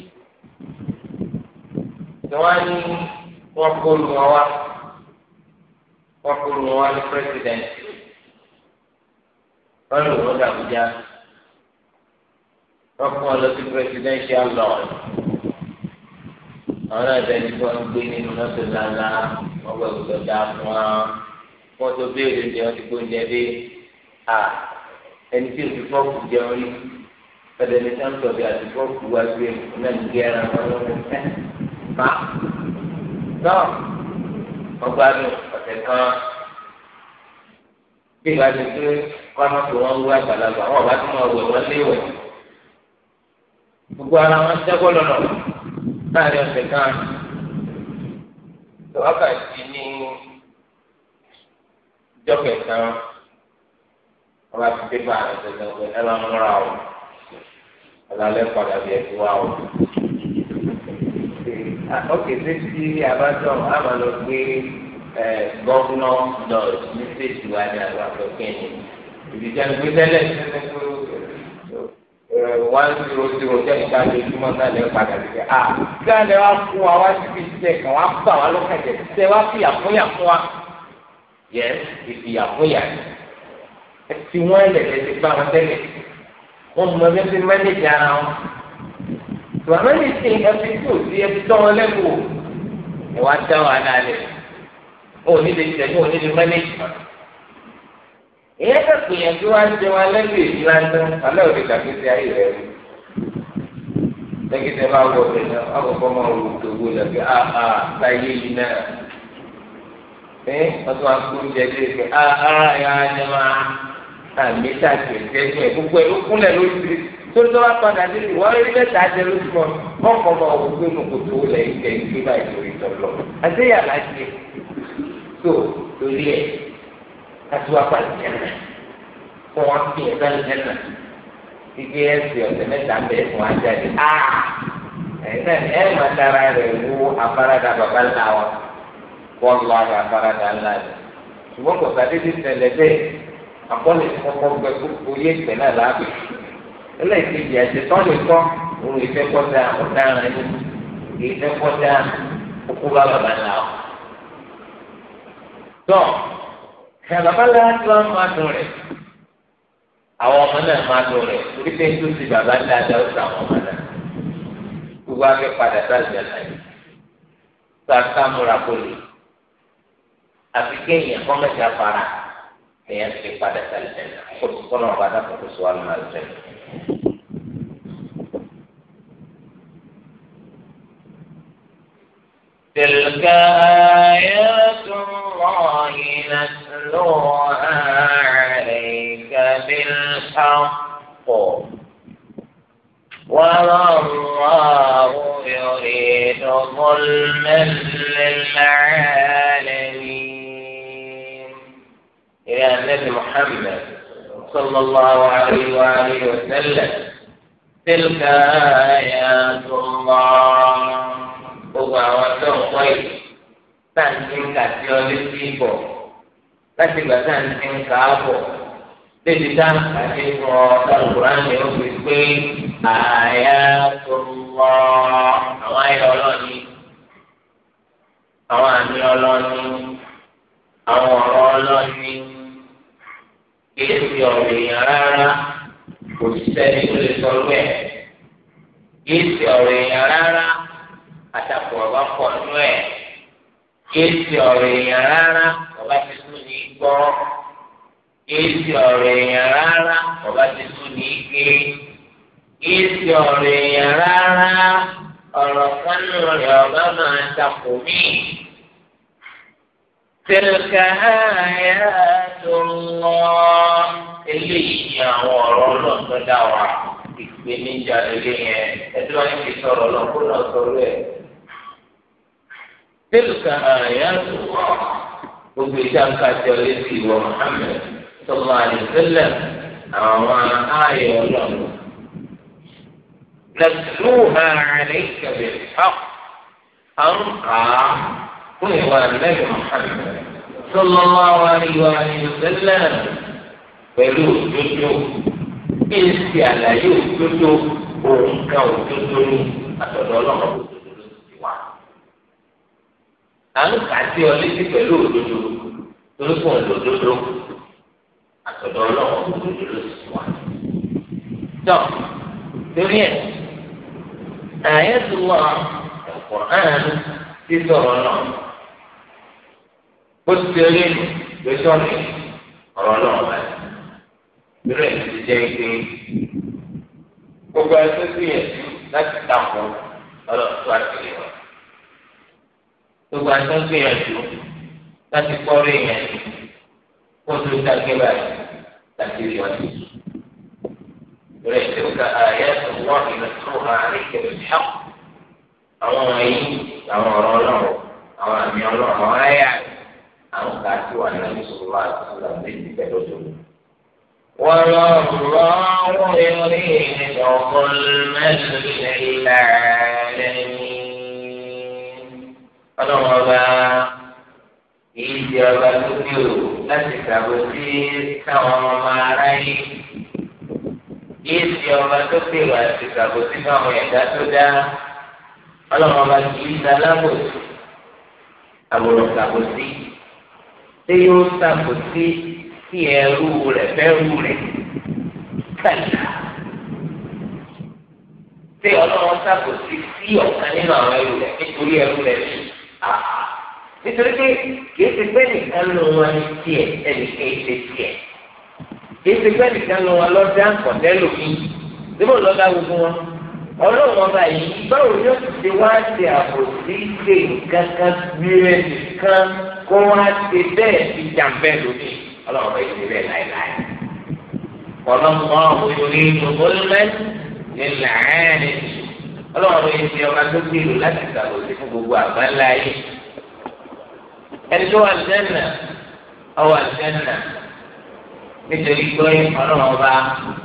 ìwọ́n ní wọ́n kó lu wọn wá wọ́n kó lu wọn wá ní pírẹ́sìdẹ̀ntì wọ́n lù wọ́n dàbújá wọ́n kó wọn lọ sí pírẹ́sìdẹ̀ntì àlọ́ọ̀rẹ́ àwọn náà dẹni tí wọn gbé nínú mọ́tò lánà wọn gbọ́ ìgbọ́dọ̀ dá fún wa wọn tó béèrè ní ọtí gbóúnjẹ dé à ẹni tí òtún fọ́ọ̀kù jẹun rí ọ̀dọ̀ ní sáńtọ̀ bí àti fọ́ọ̀kù wá gbé ọ̀nà ìgbé ara wọn lọ́wọ́ ẹ̀ má náà wọn gbádùn ọ̀sẹ̀ kan bí ìgbà tó tó kọ́nà tó wọn wú àgbàlagbà wọn ò bá tún wọn wẹ̀ wọn léwẹ̀ gbogbo ara wọn láàrin ọ̀sẹ̀ kan wákàtí ní ìjọ kẹsàn án ọba ti dé bá àrẹ tẹ̀lé ọ̀gbẹ́ ẹ lọ múra o ọ̀làlẹ́ padà bí ẹ ti wá o. ókè ṣé tí abájọ àmà lọ gbé gọ́fúnà dọ̀ọ̀ ní ṣèṣì kẹ́yìn ìdíjà ń gbé tẹ́lẹ̀ tẹ́lẹ̀ kúrò one zero zero jẹ́ni ká lè túmọ̀ náà lè padà sí ká. Ká lè wá fún wa wá síbi iṣẹ́ kan wá bá wa lọ́kàn jẹ iṣẹ́ wá fìyà fún yà fún wa. Yẹ ìfìyà fún yà ni. Ẹ ti wọ́n lẹ̀ lẹ́sẹ̀ bá wọn tẹ́lẹ̀. Wọ́n mọ ẹgbẹ́ fi mẹ́nẹ̀jì ara wọn. Tùwà mẹ́nẹ̀jì ẹbí tí ò sí ẹbí tọ́ wọn lẹ́kọ̀ọ́. Ẹ wá dá wa náà lẹ̀. Ó ní lè tẹ̀lé òní lè mẹ́nẹ̀jì mọ́ ìyẹn kẹ gbìyànjú wa ń jẹ wọn lẹ́yìn èyí lásán alẹ́ òde dàgbèsè ayé rẹ̀ rí lẹ́gídẹ́ bá wọ ọ̀bẹ náà àkọ́kọ́ máa wò ó gbogbo lẹ́gbẹ́ àhà láyé yìí náà ẹ ọtún wa kú oúnjẹ lé ẹgbẹ́ àhà ya ẹ máa àmì tàbí ẹgbẹ́ gbogbo ẹ̀ ló kúnlẹ̀ lóṣù tó tó wá padà sí ìwọ rí mẹ́ta jẹ lóṣù mọ́ ọkọ̀ máa wò pé mo kò tó lẹ̀ ẹgbẹ́ ìgbé báyìí lórí tọ́lọ́ àti ìyàlá jẹ tó torí ẹ̀ kátó apá ìjẹnà kó wọn fi ẹgbẹ́ ìjẹnà ike ẹsẹ̀ ọ̀sẹ̀ mẹ́ta ń bẹ ẹsùn ajáde aa ẹsẹ̀ ẹ má dára rẹ wú afárádà bàbá ńlá wa wọn lọ àwọn afárádà ńlá rẹ ṣùgbọ́n kò sàdédé ṣẹlẹ̀ bẹ́ẹ̀ àbọ̀lẹ̀ kọ́kọ́ gbẹ gbogbo yé ìpè náà láàbì ẹlẹ́ẹ̀kejì ẹ̀sẹ̀ tọ́lẹ̀ kọ́ òun ìfẹ́ kọjá ọ̀daràn yìí ìfẹ́ ẹ bàbá ńlá tí wọn máa dùn rẹ àwọn ọmọ náà máa dùn rẹ torí pé tó ti bàbá ńlá dá ó sàwọn ọmọ náà gbogbo akẹ́ padà sáàjì ẹ̀la yìí sàkà múra kọlù àfi kéèyàn kọ́ fara èèyàn ti padà sáàjì ẹ̀la kó tó náà padà sọ wà lọ́nà àlùjẹ́ تلك آيات الله نتلوها نتلوها عليك بالحق وما الله يريد ظلما للعالمين إلى النبي محمد صلى الله عليه وآله وسلم تلك آيات الله gbogbo àwọn tó ń kọ́ láti gbà tá à ń ti ń kà á bọ̀ léde tá à ń kà sí fún ọ táwọn kùrán ni ó fi pé àyà tó wọ àwọn ayé ọlọ́ọ̀ni àwọn àmì ọlọ́ọ̀ni àwọn ọ̀rọ̀ ọlọ́ọ̀ni kìí fi ọ̀rọ̀ èèyàn rárá kò sí sẹ́ni tó lè sọ lóẹ̀ kìí fi ọ̀rọ̀ èèyàn rárá àtàkùn ọ̀bá pọ̀ nú ẹ̀ kìí fi ọ̀rọ̀ èèyàn rárá ọba ti sùn ní gbọ́ èsì ọ̀rọ̀ èèyàn rárá ọba ti sùn ní ké èsì ọ̀rọ̀ èèyàn rárá ọ̀rọ̀ kánú rẹ̀ ọba máa takò mí. تلك آيات الله eléyìí ni àwọn ọ̀rọ̀ náà tó dá wa ìpèníjà ilé yẹn ẹtí wọn ti sọ̀rọ̀ lọ́kùnrin náà sọ̀rọ̀ ẹ̀. تلك آيات الله gbogbo ìṣe àkàtì ọlẹ́sì ìwọ Muhammad sọlá àdìsẹ́lẹ̀ àwọn ààyè ọlọ́run. nàtúhà rẹ̀ kẹ̀lẹ́ fáwọn àwọn kà á fún ìwà nẹ́bí Muhammad sọlá àwọn àríwá àdìsẹ́lẹ̀ pẹ̀lú òdodo kí n ṣe àlàyé òdodo òun kan òdodo ní àtọ̀dọ̀ ọlọ́run à ń kà sí ọ létí pẹ̀lú òdodo torí fún òdodo àtọ̀dọ̀ ọlọ́wọ́ òdodo ló sì wà. tọ́ torí ẹ̀ àyẹ̀tùmọ̀ ẹ̀kọ́ àánú ti sọ̀rọ̀ náà bó ti ṣe rí lóṣọ́ọ̀nì ọ̀rọ̀ náà wà lórí ẹ̀ ti jẹ́ pé gbogbo ẹgbẹ́ gbìyànjú láti dàpọ̀ ọlọ́ọ̀tún àti ìwọ̀n gbogbo àti ń gbìyànjú láti kọ́rọ́ èèyàn kó tó dágbé báyìí láti rí ọtí. Ìrẹsì òkà ààyè ọ̀wọ́ ìrẹsùn àárín kẹrìndínlẹ́ àwọn ọmọ yìí àwọn ọ̀rọ̀ ọlọ́run àwọn àmì ọlọ́run àwọn ayé àwọn kà á ti wà nínú ìṣòro àti ìṣòro àti ìdíbẹ̀ lọ́dọ̀ mi. والله يريد ظلما للعالمين ọlọ́run ọba èyí di ọba lókè o láti gbàgbọ́ sí táwọn ọmọ ara yìí èyí di ọba lókè o láti gbàgbọ́ sí táwọn ẹ̀dá tó dá ọlọ́run ọba kì í da lábòsí àwòrán gbàgbọ́sí tí yóò ṣàkóso sí ẹrú rẹ̀ fẹ́rù rẹ̀ kàlà tí ọlọ́run ṣàkóso sí ọ̀kan nínú àwọn ẹrú rẹ̀ nítorí ẹrú rẹ̀ nìyí. Ah, nítorí pé kìí ti pẹ́ nìkan ló wọn ní tiẹ̀ ẹnì kìí ṣe tiẹ̀ kìí ti pẹ́ nìkan ló wọn lọ́dá kọ̀tẹ́lù mi síbò lọ́dá gbogbo wọn ọlọ́run ọba yìí báwo ni ó ti wá ṣe àbòsí ṣe nǹkan kan gbére nìkan kó wá ṣe bẹ́ẹ̀ fi jàǹbẹ́ lómi ọlọ́run ọba yìí ṣe bẹ́ẹ̀ láéláé ọlọ́run ọ̀hún yorùbá ìgbòho lẹ́nu ní làárín ọlọ́run yìí ti ọba tó gbèrò láti ṣàbòsí fún gbogbo àgbáńlá yìí ẹni tó wà lẹ́nà ọwọ́ lẹ́nà nítorí pé ọlọ́run ọba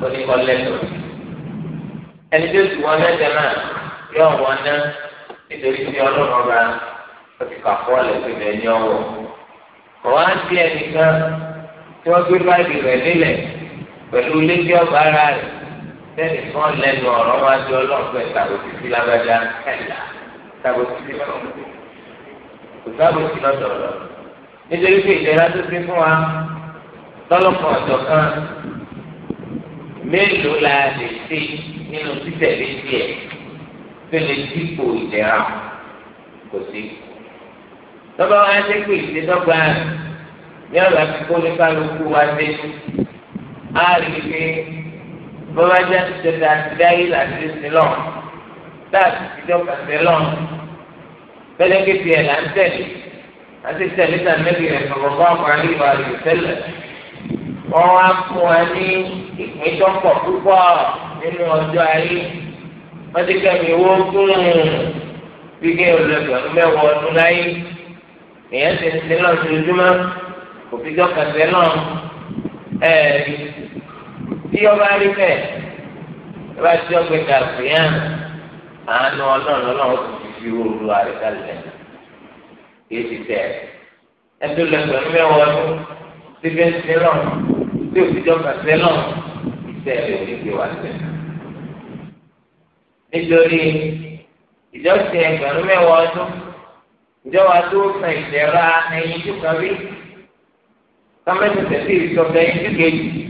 oníkọ́lẹ́tọ̀ ẹni tó sì wọ́n lẹ́sẹ̀ náà yóò wọ́n ná nítorí pé ọlọ́run ọba ó ti kà fọ́ lẹ́sẹ̀ ọwọ́ ọ̀wá ẹnìkan tí wọ́n gbé báyìí rẹ̀ nílẹ̀ pẹ̀lú lẹ́jọ́ bàárà rẹ̀ sẹ́ni kan lẹ́nu ọ̀rọ̀ máa di ọlọ́ọ̀fẹ́ tàbí sí lágbájá ẹ̀là tàbí sí lọ́dọ̀ kò sábò sí lọ́dọ̀ lọ. nítorí pé ìlera tó ti fún wa lọ́lọ́kan ọ̀dọ̀ kan mélòó la lè ṣe nínú títẹ̀lé díẹ̀ tó lè dípò ìlera kò sí. lọ́ba wa ṣe pé ìṣèdọ́gba ní ọ̀là kíkó ní kálukú wa dé. a rí i pé bọ́lá jẹ́ nítorí àtidáyé láti sí lọ́n láti fìdí ọkà sí lọ́n pẹ́lẹ́kẹ́ tiẹ̀ là ń tẹ̀lé àti tẹ̀lé tà níbi rẹ̀ sọ̀rọ̀ bá wà ní ìwà rẹ̀ tẹ́lẹ̀ wọ́n wá fún wa ní ìpín tó pọ̀ púpọ̀ nínú ọjọ́ ayé wọ́n ti kẹ́mi wó gún bí kí olùdókòwò mẹ́wàá ọdún láyé èèyàn ti ń sin lọ́n lójoojúmọ́ kò fìdí lọ́n ẹ̀ẹ́dì tí ọba rí bẹ́ẹ̀ ọba tí ọgbẹ́ kàlùfíàn àánú ọlọ́run ọlọ́run tó ti fi wúru àríkàlẹ̀ kìí ti tẹ̀ ẹtú lẹ́gbẹ̀rún mẹ́wàá ọdún tí bẹ́ẹ̀ ti lọ́n tí òfìjọ́ kàfẹ́ lọ́n ìtẹ̀ rẹ̀ ò ní gbé wá sí. nítorí ìjọsìn ẹgbẹ̀rún mẹ́wàá ọdún ìjọba tó san ìtẹ̀ra ẹyin tó kan rí kámẹ́tẹ̀tẹ̀ sí ìsọ̀tẹ̀ tó kejì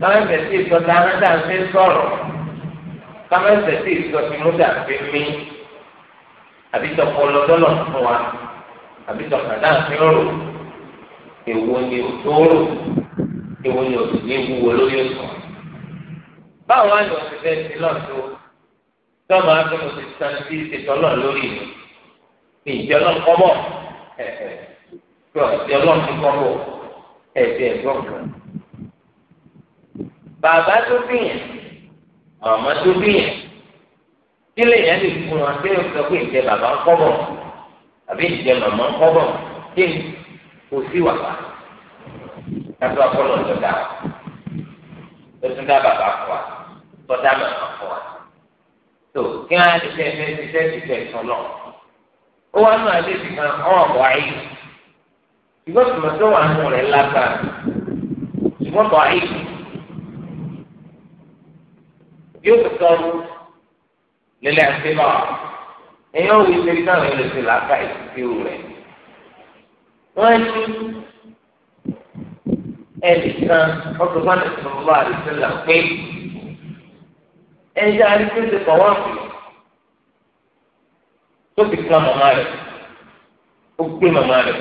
kámẹ́sẹ̀ sí ìsọ̀tà anáta ń fi sọ̀rọ̀ kámẹ́sẹ̀ sí ìsọ̀tìmúdà fi mí àbí tọpọlọ dọ́lọ̀ fún wa àbí tọkàdá fi rò èwo ni ò tó rò èwo ni ò sì ní wúwo lórí òsùn. báwo wá ní òṣìṣẹ́ ti lọ tó tọ́mọ akẹ́kọ̀ọ́ ti san sí ìṣètọ́lọ̀ lórí mi ní ìjọlọ́ kọ́bọ̀ ẹ̀ẹ́ tí ọ̀jọ̀lọ́ ti kọ́bọ̀ ẹ̀ẹ́dẹ́gbọ̀n kan bàbá tó bìyàn màmá tó bìyàn kí lèyàn lè fún wa kí lèyàn sọ pé ìjẹ bàbá ń kọ́ bọ̀ àbí ìjẹ màmá ń kọ́ bọ̀ kí kò sí wàhálà kátó akọlọ tó dá wa tó tún dá bàbá fún wa tó dá màmá fún wa tó kí wọn á ti fẹ́ fẹ́ ti fẹ́ ti fẹ́ sọ lọ ó wá nù àti ti kan ọ̀ bọ̀ ayé ìgbọ́sọ̀mọ́sọ́ wà nù rẹ̀ lágbára ìgbọ́sọ̀ ayé. يذكر للاعتبار èyàn ò wíṣẹ bí táwọn èèyàn lè ṣe làákà ìṣirò rẹ wọn ní ẹnìkan ọkọ bá lè sọ bá àdìsí là pé ẹnjẹ àdìsí ti kọ wọn fi tó ti kan màmá rẹ ó gbé màmá rẹ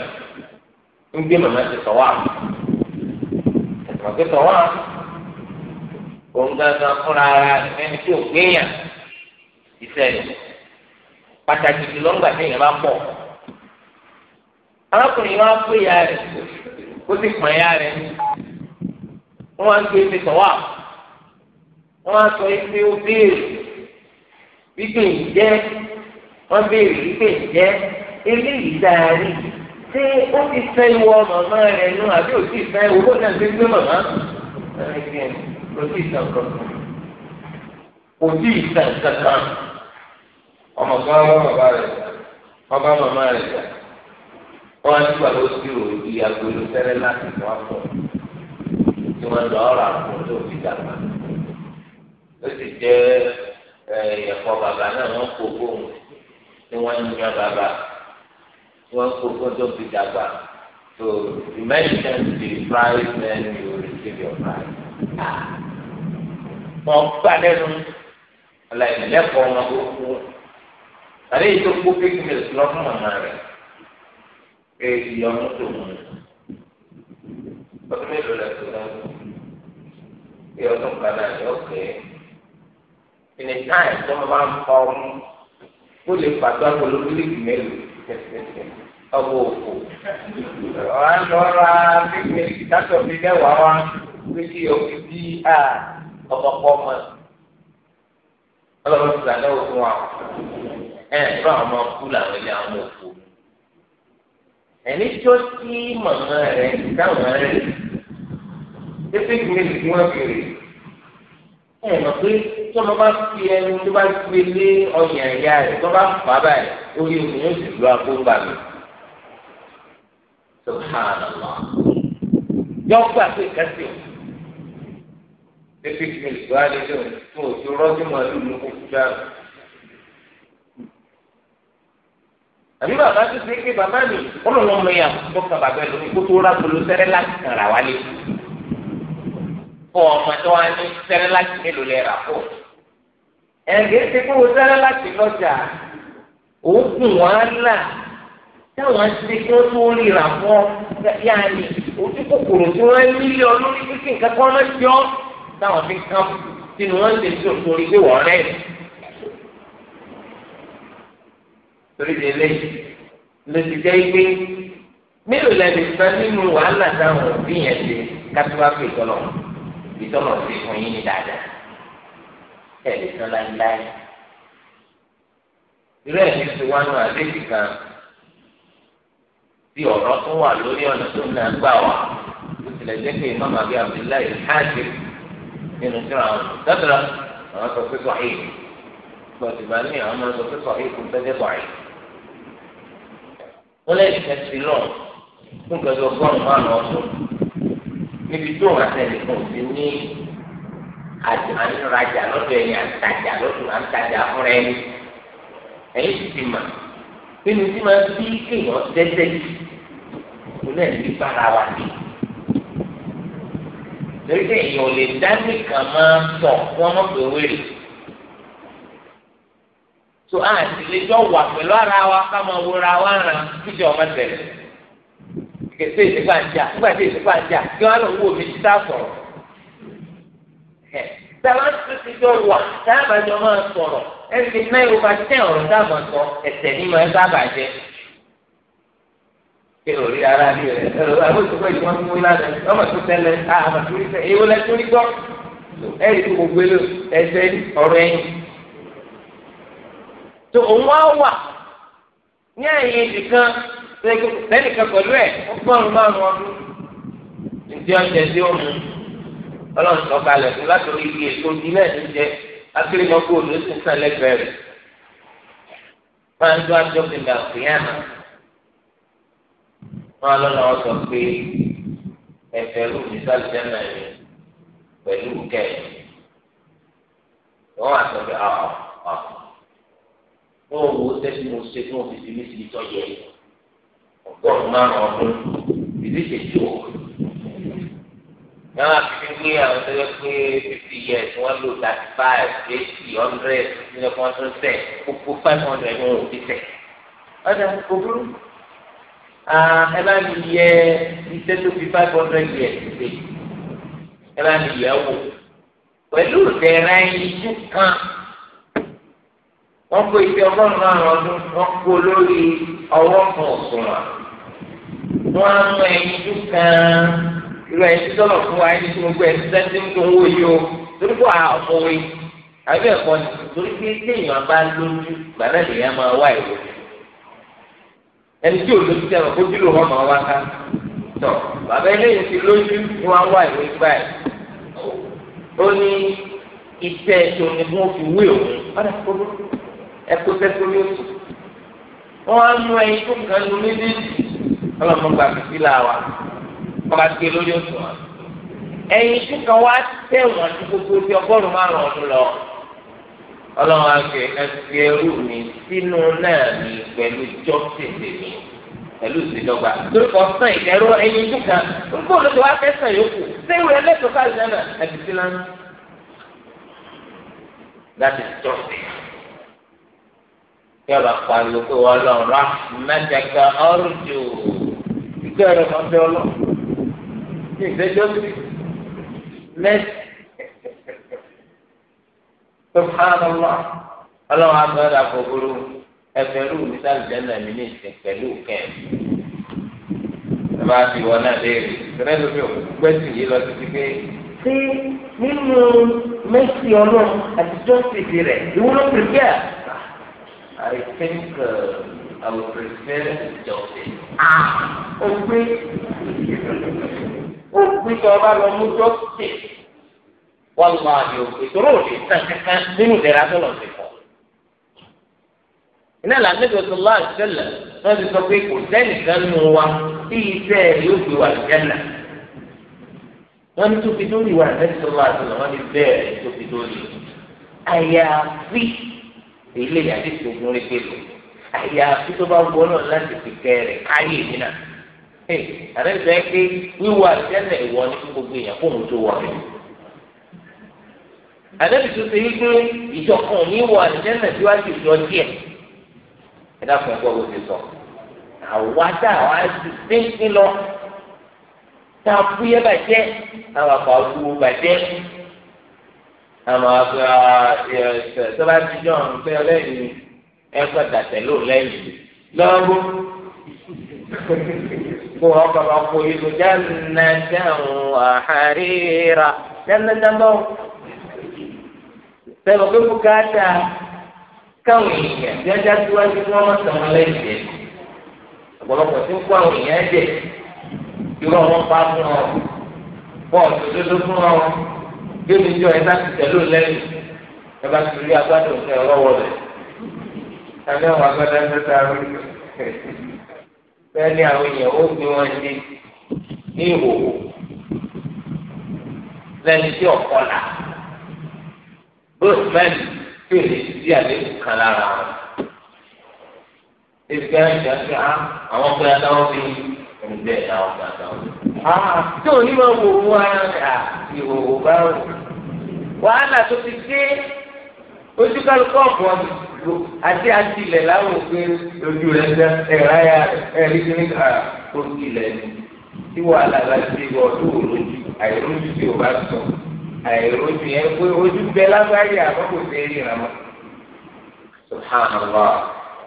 ń gbé màmá ti kọ wá àpò ẹ̀sìn àgbẹ̀tọ̀ wá àpò òun gangan fúnra ara rẹ̀ fẹ́ni tí ò gbéyàn iṣẹ́ rẹ̀ pàtàkì jùlọ ńgbà tí èèyàn bá pọ̀ arákùnrin wa pé ya rẹ̀ ó sì pọ̀ ya rẹ̀ wọ́n á gbé ibi tọ̀wá wọ́n á sọ ibi ó béèrè wípé ìjẹ́ wọ́n béèrè wípé ìjẹ́ eléyìí dáa ṣé ó ti fẹ́ wọ màmá rẹ̀ nù àbí ó ti fẹ́ owó náà ti gbé màmá kò sí ìtàn kankan kò sí ìtàn kankan ọmọ kan wá bàbá rẹ̀ wọ́n bá màmá rẹ̀ jà wọ́n á nígbà ló sì rò ìyàgò ló tẹ́lẹ̀ láti wá pọ̀ tí wọ́n lọ ọ̀rọ̀ àpò tó fi dàgbà ó sì jẹ́ ẹ̀yẹ̀kọ́ bàbá náà wọ́n kó bóun tí wọ́n ń yan bàbá tí wọ́n kó bóun tó fi dàgbà. So the medicine to the price, then you receive your price. Ah mọ̀ gbà lẹ́nu ọ̀làyìn lẹ́kọ̀ọ́ wọn tó kú tàbí èyí tó kú fífi mi lọ fún màmá rẹ̀ pé ìyọnu tó mú ọdún mélòó lẹ́kọ̀ọ́ náà bí ọdún kan náà yọ kẹ́ ìní táì tó máa ń kọ́ ọ́n kó lè pàtó àpòlò mílíkì mélòó ọwọ́ òkú ọ̀hán lọ́ra fífi mi kátó mi lẹ́wàá wá pé kí o bí a. Ah, ọmọkọ ọmọ ọlọ́run ti sàlẹ̀ òfin wa ẹ̀ fún àwọn ọmọ kú làwọn ilé àwọn òfin ẹni tó tí màmá rẹ̀ dáwọn rẹ̀ pépé gbèsè tí wọ́n bèrè ẹ mọ̀ pé tó lọ́ bá fi ẹnu tó bá gbé lé ọyàn ẹ̀yà rẹ̀ tó bá fà á báyìí orí omi yóò sì lu agbóńgbà mi. subhanallah yọ gbà pé kẹsì o epic milk wà lédè òun tó o ti rọ́jú màálù ló kó kúta. àbí bàbá tó ṣe pé bàbá mi ọlọ́run mọ ìyá tó kà bàbá ẹ̀ lómi kó tó rà polo sẹ́rẹ́ láti kàn rà wálé. fún ọmọ tó wá ní sẹ́rẹ́ láti mélòó lẹ́ rà pọ̀. ẹ̀ǹgẹ́ ti kó o sẹ́rẹ́ láti lọ́jà òògùn wọn á là táwọn ti kí wọ́n tó ríra fún ọ yáa ní ojú kòkòrò tí wọ́n ń lílé ọ lórí pé nǹkan kan máa ń jọ ọ́ táwọn fi ń kán sínú wọn lè tó torí pé wọ́n rẹ̀ torí lè lè lè ti jẹ́ pé mélòó lẹ́nu sàn nínú wàhálà táwọn òbí yẹn ṣe kátúwá pè tọ́lọ̀ ìtọ́lọ̀ sí fún yín ní dáadáa ẹ̀ lè sàn láéláé irú ẹ̀ ní ti wá nù àdéhùn kan tí ọ̀rọ̀ tó wà lórí ọ̀nà tó ń gbà wá ó tilẹ̀ jẹ́ pé ìmọ̀ màbí Abdullahi hajj nínú síra àwọn dáadáa àwọn sọ pé sọ̀hìn gbọ̀dọ̀ ìgbà míì àwọn máa sọ pé sọ̀hìn kò tẹ́jẹ́ bọ̀ àyè. wọ́n lẹ́yìn ìfẹ́ sí lọ fún gbẹdẹ ọgọ́rùn-ún márùn-ún ọdún níbi tó wọn àtẹnì kan sí ní àjànìrajà lọ́dọ̀ ẹni àtajà lọ́dọ̀ àtajà fúnra ẹni ẹ̀yìn sì ti mà nínú tí máa bí kéèyàn tẹ́tẹ́ yìí kò ní bára lórí èèyàn ò lè dá nìkan máa tọ̀ wọ́n mọ̀ pé wéèrè. tó a ti lè jọ wà pẹ̀lú ara wa ká máa wúra wa ràn kíjọ ọmọ tẹ̀lé. kẹsẹ́ ìsìnkú àjà nígbà tí ìsìnkú àjà kí wọ́n lọ wo mi ti tá sọ̀rọ̀. sábà tó ti jọ wà sábà jọ máa sọ̀rọ̀ ẹni náà yóò bá tẹ̀ ọ̀rọ̀ sábà sọ ẹ̀sẹ̀ ní ma ẹ sábà jẹ kí o rí ara rí rẹ ẹ lọ àwọn ìṣòro ìṣòro ń wí lánàá ọmọ tó tẹlẹ àmọ tó rí sẹ èyí wọlé tó rí gbọ ẹ rí gbogbo èlò ẹsẹ ọ̀rọ̀ ẹ̀yìn tó òun wá wà ní ẹ̀yìn ìdìkan lẹ́nìkan pẹ̀lú ẹ̀ ó gbọ́rùn márùn ọdún ǹjẹ́ ọ̀jẹ̀ tí ó mú ọlọ́run sọ kalẹ̀ fún láti orí iye tó di náà ní jẹ akérèmọ́gbò ló ti ń sàn lẹ́gbẹ̀ẹ́ rẹ̀ máa ń dún àjọ ìgbà òkè yàrá wọn lọ́nà wọn sọ pé ẹ̀fẹ̀ ló ní sálìjẹ́nà yìí pẹ̀lú kẹ́ẹ̀ wọ́n wá sọ pé ọ̀ ọ̀ wọ́n wo sẹ́sì mo ṣe fún òfìsì mi sì tọ́ yẹ ọgọ́rùn-ún márùn-ún ọdún ìdíje tó yàrá fífi wí àwọn tó yẹ pé fifty years wọ́n lò thirty five eighty hundred nínú ẹ̀kọ́ ọdún sẹ̀ kókó five hundred wọn ò fi sẹ̀ ọ̀dà kò Ah, ẹ bá mi yẹ iṣẹ́ tó fi five hundred years ṣe ẹ bá mi yẹ wò pẹ̀lú ìdẹ̀ra ẹyinjú kan wọ́n kó ife ọgọ́rùn-ún márùn-ún ọdún wọ́n kó lórí ọwọ́ kan òṣùwọ̀n wọ́n á mú ẹyinjú kan irú ẹyinjú sọ̀rọ̀ fún wa ẹni tí mo gbé ẹni sẹ́ńtì tó ń wò yìí o torí kó a ọ̀pọ̀ wí àbí ẹ̀kọ́ ni torí pé téèyàn bá lójú gbàdá lèèyàn máa wá ìwòsàn ẹni tí òjò ti tẹ̀wọ̀n kójú ló hàn máa wá ká tọ̀ bàbá eléyìí ti lójú ni wọ́n wá ìwé báyìí ó ní ìtẹ́ ẹ̀sùn ni wọ́n fi wé òun padà kóró ẹ̀kọ́ sẹ́kọ́ yóò sùn wọ́n á mú ẹyin tó kàn lu méjèèjì ọlọ́mọ gba fífi là wa ọba ké lórí òsùn wa ẹyin tó kàn wá tẹ̀wọ̀n tó gbogbo ti ọgọ́rùn-ún márùn lọ ọlọ́run àgbẹ̀ ẹgbẹ́ ẹrú mi sínú náà mi pẹ̀lú jọ́sìn mi pẹ̀lú ìsìndọ́gba torí kò sàn ìdẹ́rọ ẹni dúkà nígbà wo ló ti wá fẹ́ sàn yòókù séwìí ẹlẹ́tọ̀ọ́ ká náà ẹ̀bí sí lánàá. that is jọ́sìn. kí ọba pariwo pé wọ́n lọ ra mẹ́tẹ̀ẹ̀kẹ́ ọ́rùjù ìgbẹ́ rẹ̀ máa bẹ́ ọ lọ. ìgbẹ́jọ́ sí mẹ́tì subhanallah ọlọ́run abẹ́rẹ́ àfọ̀gbọ́rọ́ ẹ̀fẹ̀rú nísàlùjẹ́nà mi ní ìsìn pẹ̀lú kẹ́ẹ̀mí. ẹ bá ti wọ náà léèrè ìrẹ́ ló fi òkú gbẹ́sì yìí lọ títí pé. ṣé nínú mẹ́sì ọlọ́run àtijọ́ ṣèṣe rẹ̀ ìwúlò pèpè I think uh, I would prefer justice. Ah! Ó gbé ó gbé tí ọba lọ mú justice wọ́n lọ́ àyò ìṣòro òde tán kankan nínú ìdẹ̀ra tó lọ sí fọ́. iná ìlànà ìgbà tó lọ́ àṣẹlẹ̀ wọ́n ti sọ pé kò sẹ́nìkan nù wa bí iṣẹ́ yóò fi wà jẹ́lẹ̀. wọ́n ní tóbi lórí wa àtẹ́sọ̀ lọ́ àṣẹlẹ̀ wọ́n ní bẹ́ẹ̀ tóbi lórí. àyàfi ilé yàtí ìṣògùn rí pé lò àyàfi tó bá wọ́n náà láti fi kẹ́ rẹ̀ káyé mi náà. àrẹ́sẹ̀ pé wíwọ àṣẹlẹ̀ ìwọ ní gbogbo èèyàn ànábì tó ṣe wípé ìjọkan ní wọ àdìjẹ́nà tí wàá ti jọ díẹ̀ ẹ dákun ẹgbẹ́ wo ti sọ àwa dá àwa ti dín lọ tá a fú yẹ bàjẹ́ àwọn àpò àwùjọ bàjẹ́ àwọn àpò sọba ti jọ ọ̀run pé ọlẹ́yìn ẹ̀kọ́ dàtẹ̀ ló lẹ́yìn lọ́wọ́ kó wọn kọ́ máa kó ìlú jáde náà àhárí ra jáde náà báwọn sẹ́nu pé bùkátà káwọn èèyàn tí wọ́n síwájú kí wọ́n má tàn án lẹ́yìn jẹ́ ọ̀pọ̀lọpọ̀ tí ń kó àwọn èèyàn jẹ́ irọ́ wọn pa fún ọ bọ́ọ̀lù òdodo fún ọ bí omi jọ ẹ bá tẹ̀lé lẹ́yìn ẹ bá ti rí agbádùn fún ẹ lọ́wọ́ tàbí àwọn agbádá ń tẹ́tà rú bẹ́ẹ̀ ni àwọn èèyàn ó gbé wọn dé ní ìhòòhò lẹ́ni tí ọ̀kọ́ bóòmẹ́n tí ò ní sí àlékún kan lára wọn. Ebi ká ẹ̀ka ṣe á àwọn ọgbẹ́ adáwọ́ bí ẹ̀ǹdẹ́ àwọn ọgbẹ́ adáwọ́. Tí ò ní máa wò wó ara rà ìhòòhò bá wò. Wàhálà tó ti dé ojú kálukọ́ ọ̀gbọ́n àti àti ilẹ̀ láwọn òfin lójú rẹ̀ ṣe ẹ̀rá ya ẹ̀rí kí ní ká orúkọ ilẹ̀ ni. Tí wàhálà bá ti wọ̀ ọdún òlójú àìrójú tí ò bá sọ àìrójú yẹn pé ojú bẹ lágbáyé àkókò ṣe rí ìrànwọ́. subhanallah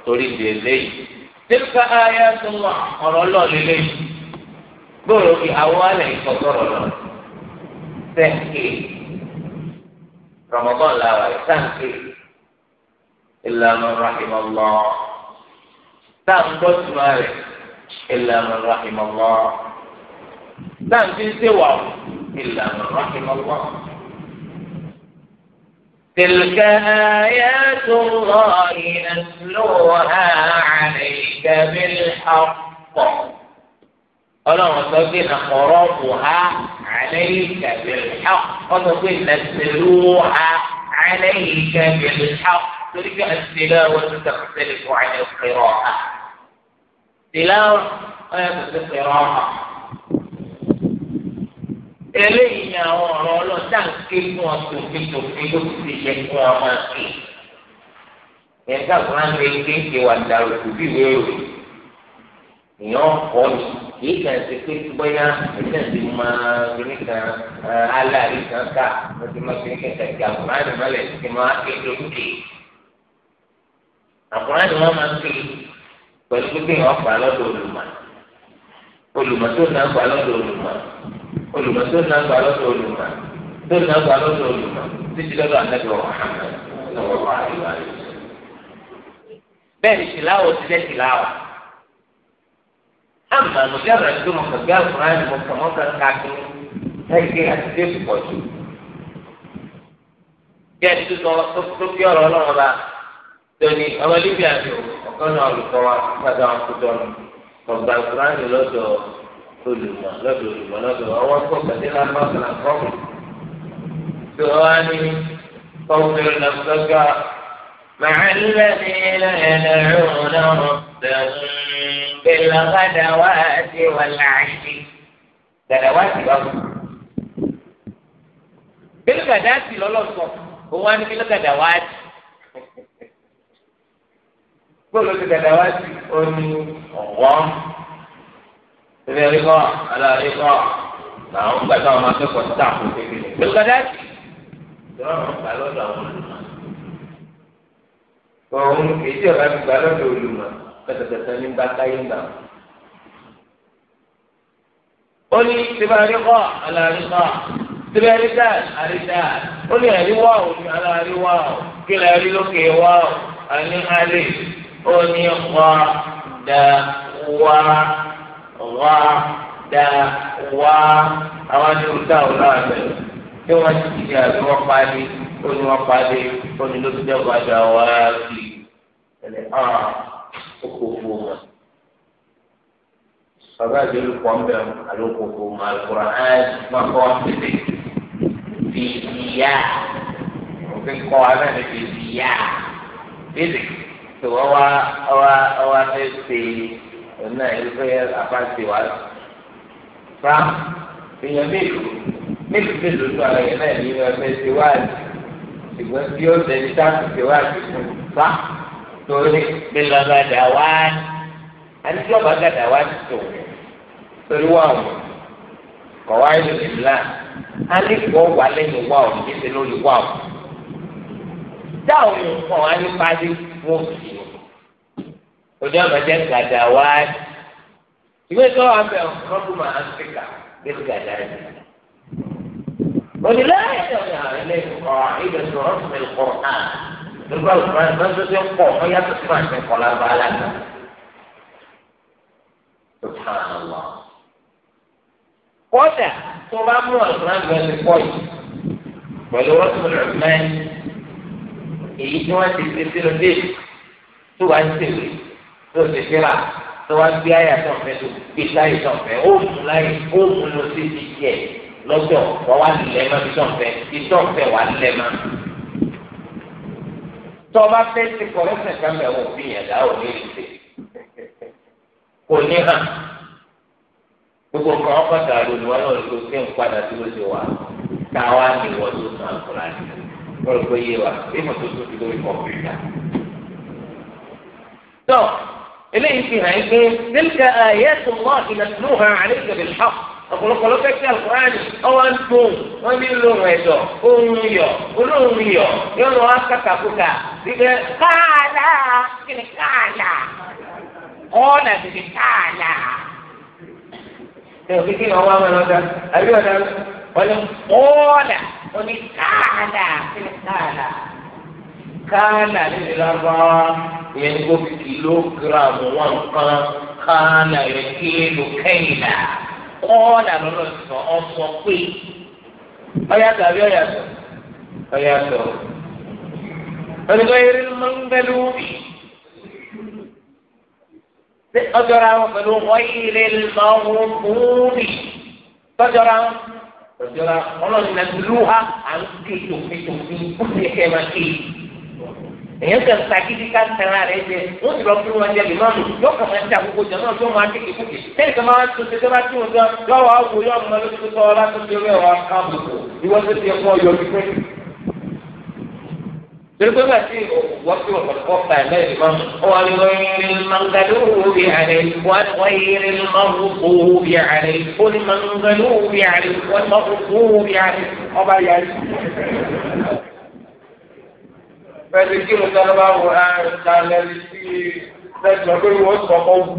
torí ìdè eléyìí tilka aya tún wà ọ̀rọ̀ lọ lélẹ́yìí gbòòrò kí àwọn alẹ́ ìkọ̀sọ̀rọ̀ lọ sẹ́ńkì rọmọbọ́n làwà sẹ́ńkì ìlànà rahimahullah sáńgbọ́sùmá rẹ̀ ìlànà rahimahullah sáńkì ń ṣèwà ìlànà rahimahullah. تلك آيات الله نسلوها عليك بالحق قال وتبين خرابها عليك بالحق وتبين نسلوها عليك بالحق تلك التلاوة تختلف عن القراءة تلاوة ولا آية القراءة eléyìí ni àwọn ọ̀rọ̀ ọlọ́dà ń ké fún ọ tòfin tòfin ló ti ti yẹ fún ọ máa ké yẹn ká fún àwọn ẹgbẹ́ ń ké wà dàrú kù bí wéé rè èèyàn kọ́ ni kìí kàn ṣe pé bóyá ẹ̀sẹ̀ ti máa kíní kan aláàrí kan ká wọ́n ti máa kíní kan kàkí àkùnrin mọ́lẹ̀ ti máa ké lókè àkùnrin wọn máa ké pẹ̀lú pé kéèyàn fà lọ́dọ̀ olùmọ̀ olùmọ̀ tó náà fà lọ́dọ̀ olùmọ̀ olùmọ̀ tó nà gbà lọ́dọ̀ olùmọ̀ tó nà gbà lọ́dọ̀ olùmọ̀ títí lọ́dọ̀ àtẹ́bẹ̀ Muhammad lọ́wọ́ àríwá rẹ̀. bẹ́ẹ̀ ni tìláwọ̀ ti jẹ́ tìláwọ̀ àmà nùgbàrà tó mọ̀ kàgbé àkùnrin mọ̀ kàmọ́ kàkà kí ẹgbẹ́ àti dé pọ̀ jù. bí sọ tó kí ọ̀rọ̀ ọlọ́run bá tóní ọmọ Libya ni ọ̀kan náà olùkọ́ wa gbàdá wọn kó dọ́nu kọ̀gbà àkùnrin lọ́dọ̀ olùmọ̀ lọ́dọ̀ olùmọ̀ lọ́dọ̀ àwọn akọ́kọ̀dé lápapọ̀ àkọ́kọ̀ tó wá ní kọ́kọ́rọ́ lọ́sọ́gà màálùmẹ́ni lẹ́yìn ẹ̀rọ náà tẹ̀hún bẹ̀lọ́gàdàwáàtì wà láàyè gàdàwáàtì bá wù. bẹ́lẹ́gàdàtì lọ́lọ́sọ̀ òun á ní bẹ́lẹ́gàdàwáàtì bọ́ọ̀lù ti gàdàwáàtì ó ní ọ̀wọ́n síbẹ̀ rí kọ́ aláàrí kọ́ làwọn gbà táwọn máa kẹ́kọ̀ọ́ sí táàkù kékeré. lókàdá ìdọ́rùn gbà lọ́dọ̀ àwọn olùmọ̀. òun kìí tí ọ̀gá gbà lọ́dọ̀ olùmọ̀ pẹ̀tẹ̀pẹ̀tẹ̀ ní bá táyé ń gbà. ó ní síbẹ̀ rí kọ́ aláàrí kọ́ síbẹ̀ rí dáà àrí dáà ó ní ẹ̀rí wá ní aláàrí wá kí lè lókè wá ò àní alẹ́ ó ní ọ̀ dá wá wá dá wá àwọn ní orúkọ àwọn náà bẹ kí wọn ti di àbí wọn parí ó ní wọn parí ó ní ló fi dẹ́gbà dá wá sí ẹlẹ hàn oko fún wọn bàbá àti olùkọ́ ń bẹ̀ àlọ́ oko fún wọn máa kọ́ tètè fi ìyá òfin kọ́ wa náà ní fi ìyá tó wọ́n wá wá wá fẹ́ ṣe ọ̀nà ìfẹ́ àbáṣe wa fa èèyàn mélòó mélòó mélòó tó ara yẹn náà nínú ẹgbẹ́ ṣe wá àjì ṣùgbọ́n tí ó tẹ̀lé táàkì ṣe wá àjì fún fa torí bí lọ́gàdà wá ní àti tí ọba gàdà wá ti tò torí wà wọ̀ kọ̀ wá ní ìlà á wà lẹ́yìn wà ọ̀ níbi lórí wà ọ̀ dáhùn kan á ní pálí wọ́n kì í ojú ọ̀nà jẹ́ gàdá wáyé ìwé tó wà bẹ̀ ọ̀kọ́dúnmọ̀ áfíríkà bí gàdá yìí. ولله يدعو إليه قاعدة رسم القرآن nígbà òṣùpá ẹ̀ lọ́jọ́ tó ń pọ̀ wọ́n yàtọ̀ sí màá ṣe ń kọ́ lábá alága. kódà tó bá mú àlùfáà lọ sí pọ̀ yìí pẹ̀lú rọ́tún rẹ̀ mẹ́rin èyí tí wọ́n ti ṣe sínú déètì tó wá ń tèwé tó ti fira tó wá gbé àyà tó fẹ́ tó gbé sáyé tó fẹ́ ó mú láyé ó mú lọ sí ti tiẹ̀ lọ́jọ́ wọ́n wá lẹ̀ mọ́ bí tó fẹ́ bí tó fẹ́ wà lẹ̀ mọ́. tó bá fẹ́ ti kọ̀rọ́sẹ̀ kámẹ́ wò bí yàrá ò ní rí ṣe kò ní hàn gbogbo nǹkan ọkọ̀ dàrú ni wọ́n náà lò sí nǹkan àti lóṣù wa táwa ni wọ́n tó sàn kúrò àti اللي هي فيها ايه تلك ايات الله نتلوها عليك بالحق اقول لك لو تكتب القران او انتم ومن لهم ايضا امي امي يا نو اسكت اقول لك قال قال قال أيوة، قال قال قال قال قال قال قال قال قال káàlà nílẹ̀ lọ́wọ́ ìyẹn ní kó fi kìlógíráàmù wọn kan káàlà rẹ̀ kílò kẹ́yìnà kọ́ọ̀là lọ́lọ́ sọ ọ̀sọ̀ pé ọ̀yàtọ̀ àbí ọ̀yàtọ̀ ọ̀yàtọ̀ ọ̀dùnkọ́ eré mọ́ngẹ́lú ọjọ́ra wọn pẹ̀lú wáyé lọ́wọ́bùnmi tọ́jọ́ra wọn tọ́jọ́ra ọlọ́ọ̀nà lùhà à ń ké tòfin tòfin ó kẹ́ máa ké èyàn kan ta gidi ká tẹ̀ra rẹ̀ jẹ wọ́n ti lọ fún wọn jẹ lèmọ́nù yóò kàn máa ta gbogbo jẹ náà tó máa kéke kúkè tẹ́lẹ̀ kan máa tó tẹ́lẹ̀ máa tó ń sọ lọ́wọ́ àwò yóò mọ lójú tó sọ ọlá tó ti rẹ̀ wá káàbùkù ìwọ́n tó ti yẹ fún ọyọ pípẹ́. torí pé bàtí wọ́n fi wọ́n kọ́ pa ẹ̀ lẹ́yìn mọ́ wọ́n ní wọ́n yẹn mangalóhùn bí àrẹ wọ́n yẹn mọ́hùnkóhùn bí àrẹ wọ́n ní mangalóhùn àrẹ wọ́n mọ́hùnkóhùn bí àrẹ ọ فذكر تربى القرآن تعالى لسي تجهر وصفه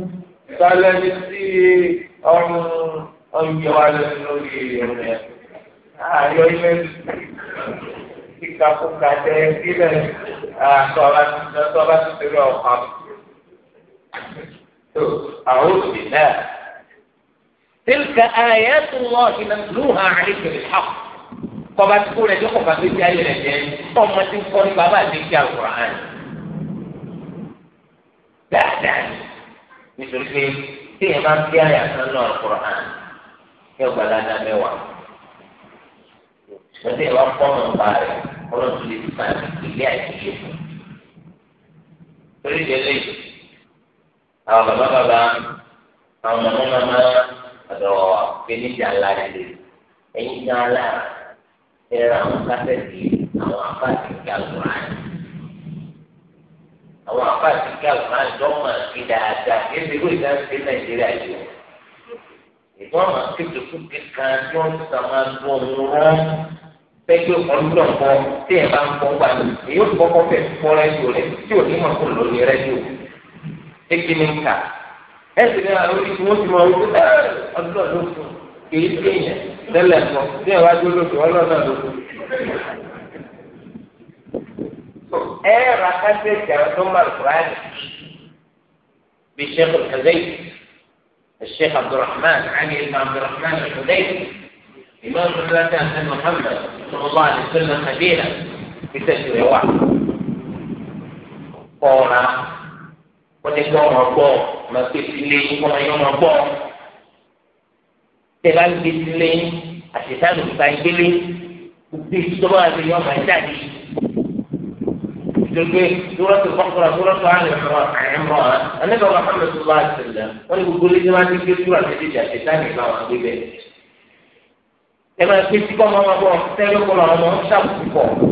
تعالى أم أم يغالى أعوذ بالله تلك آيات الله نتلوها عليك بالحق kọba tí kò rẹ̀ jẹ́ kọba tó ti ayé rẹ̀ jẹ́ ọmọ tí ń kọ́ ní bàbá àti kí àwòrán dáadáa nítorí pé tí èèyàn máa ń fi àyà kan náà àwòrán yóò gba dáadáa mẹ́wàá lọ́sẹ̀ ìwà fọ́ọ̀mù ọba rẹ̀ ọlọ́run lè fa ilé àìsílẹ̀ torí ìdílé àwọn bàbá bàbá àwọn màmá màmá àdọ̀wọ̀ kéníjà ńlá rẹ̀ lè ẹ̀yìn gan-an ẹ̀rọ àwọn kásẹ̀tì àwọn àfáàtì kàlùmán àwọn àfáàtì kàlùmán dọ́mà kí dáadáa kí ẹ̀sìn ìlú ìdánsẹ́ nàìjíríà yìí ìgbọ́n àwọn akéwìtòkùtì kan tí wọ́n ti sàmà gbọ́ wọn pẹ́ẹ́gbẹ́ ọ̀dọ́ kan tí ẹ̀ bá ń bọ́ wà ní èyí ó kọ́kọ́ fẹ́ fọ́ rẹ́díò rẹ̀ tí ò ní mọ̀ kó lò ní rẹ́díò ẹ̀kí ni ń ẹ̀sìn ní àwọn orí tí wọ́n ọ̀dọ́ tẹ́lẹ̀ mọ́ bí ẹ̀ wá dúró lóṣù ọlọ́nà lóṣù. ẹ ra kásẹ̀ tí ìjàrá tó máa kúránì bí sheikh al-hazayi الشيخ عبد الرحمن علي بن عبد الرحمن الحديث إمام المملكة أن محمد صلى الله عليه وسلم خبيرا في تشريع واحد قولا wọ́n ti gbọ́ ọmọ gbọ́ ọmọ kékeré wọ́n yọ ọmọ gbọ́ tẹ bá ń gbé sílé àṣetánù ìgbà ìgbélé gbogbo ìtọ́wọ́ àti ìyọ́ máa jáde gbogbo dúrọ́tù kọ́kọ́rọ́ dúrọ́tù àlùmọ́ àìmọ́ ànábẹ́ wa hàn mẹ́tò bá ṣẹlẹ̀ wọ́n ní gbogbo lédè máa ń gbé dúró àtẹ̀jẹ̀jẹ̀ àṣetánù ìgbà wọn gbé bẹ́ẹ̀ ẹ máa gbé tí kọ́ máa wọ́n tẹ́lẹ̀ kọ́ máa wọ́n ṣàkóso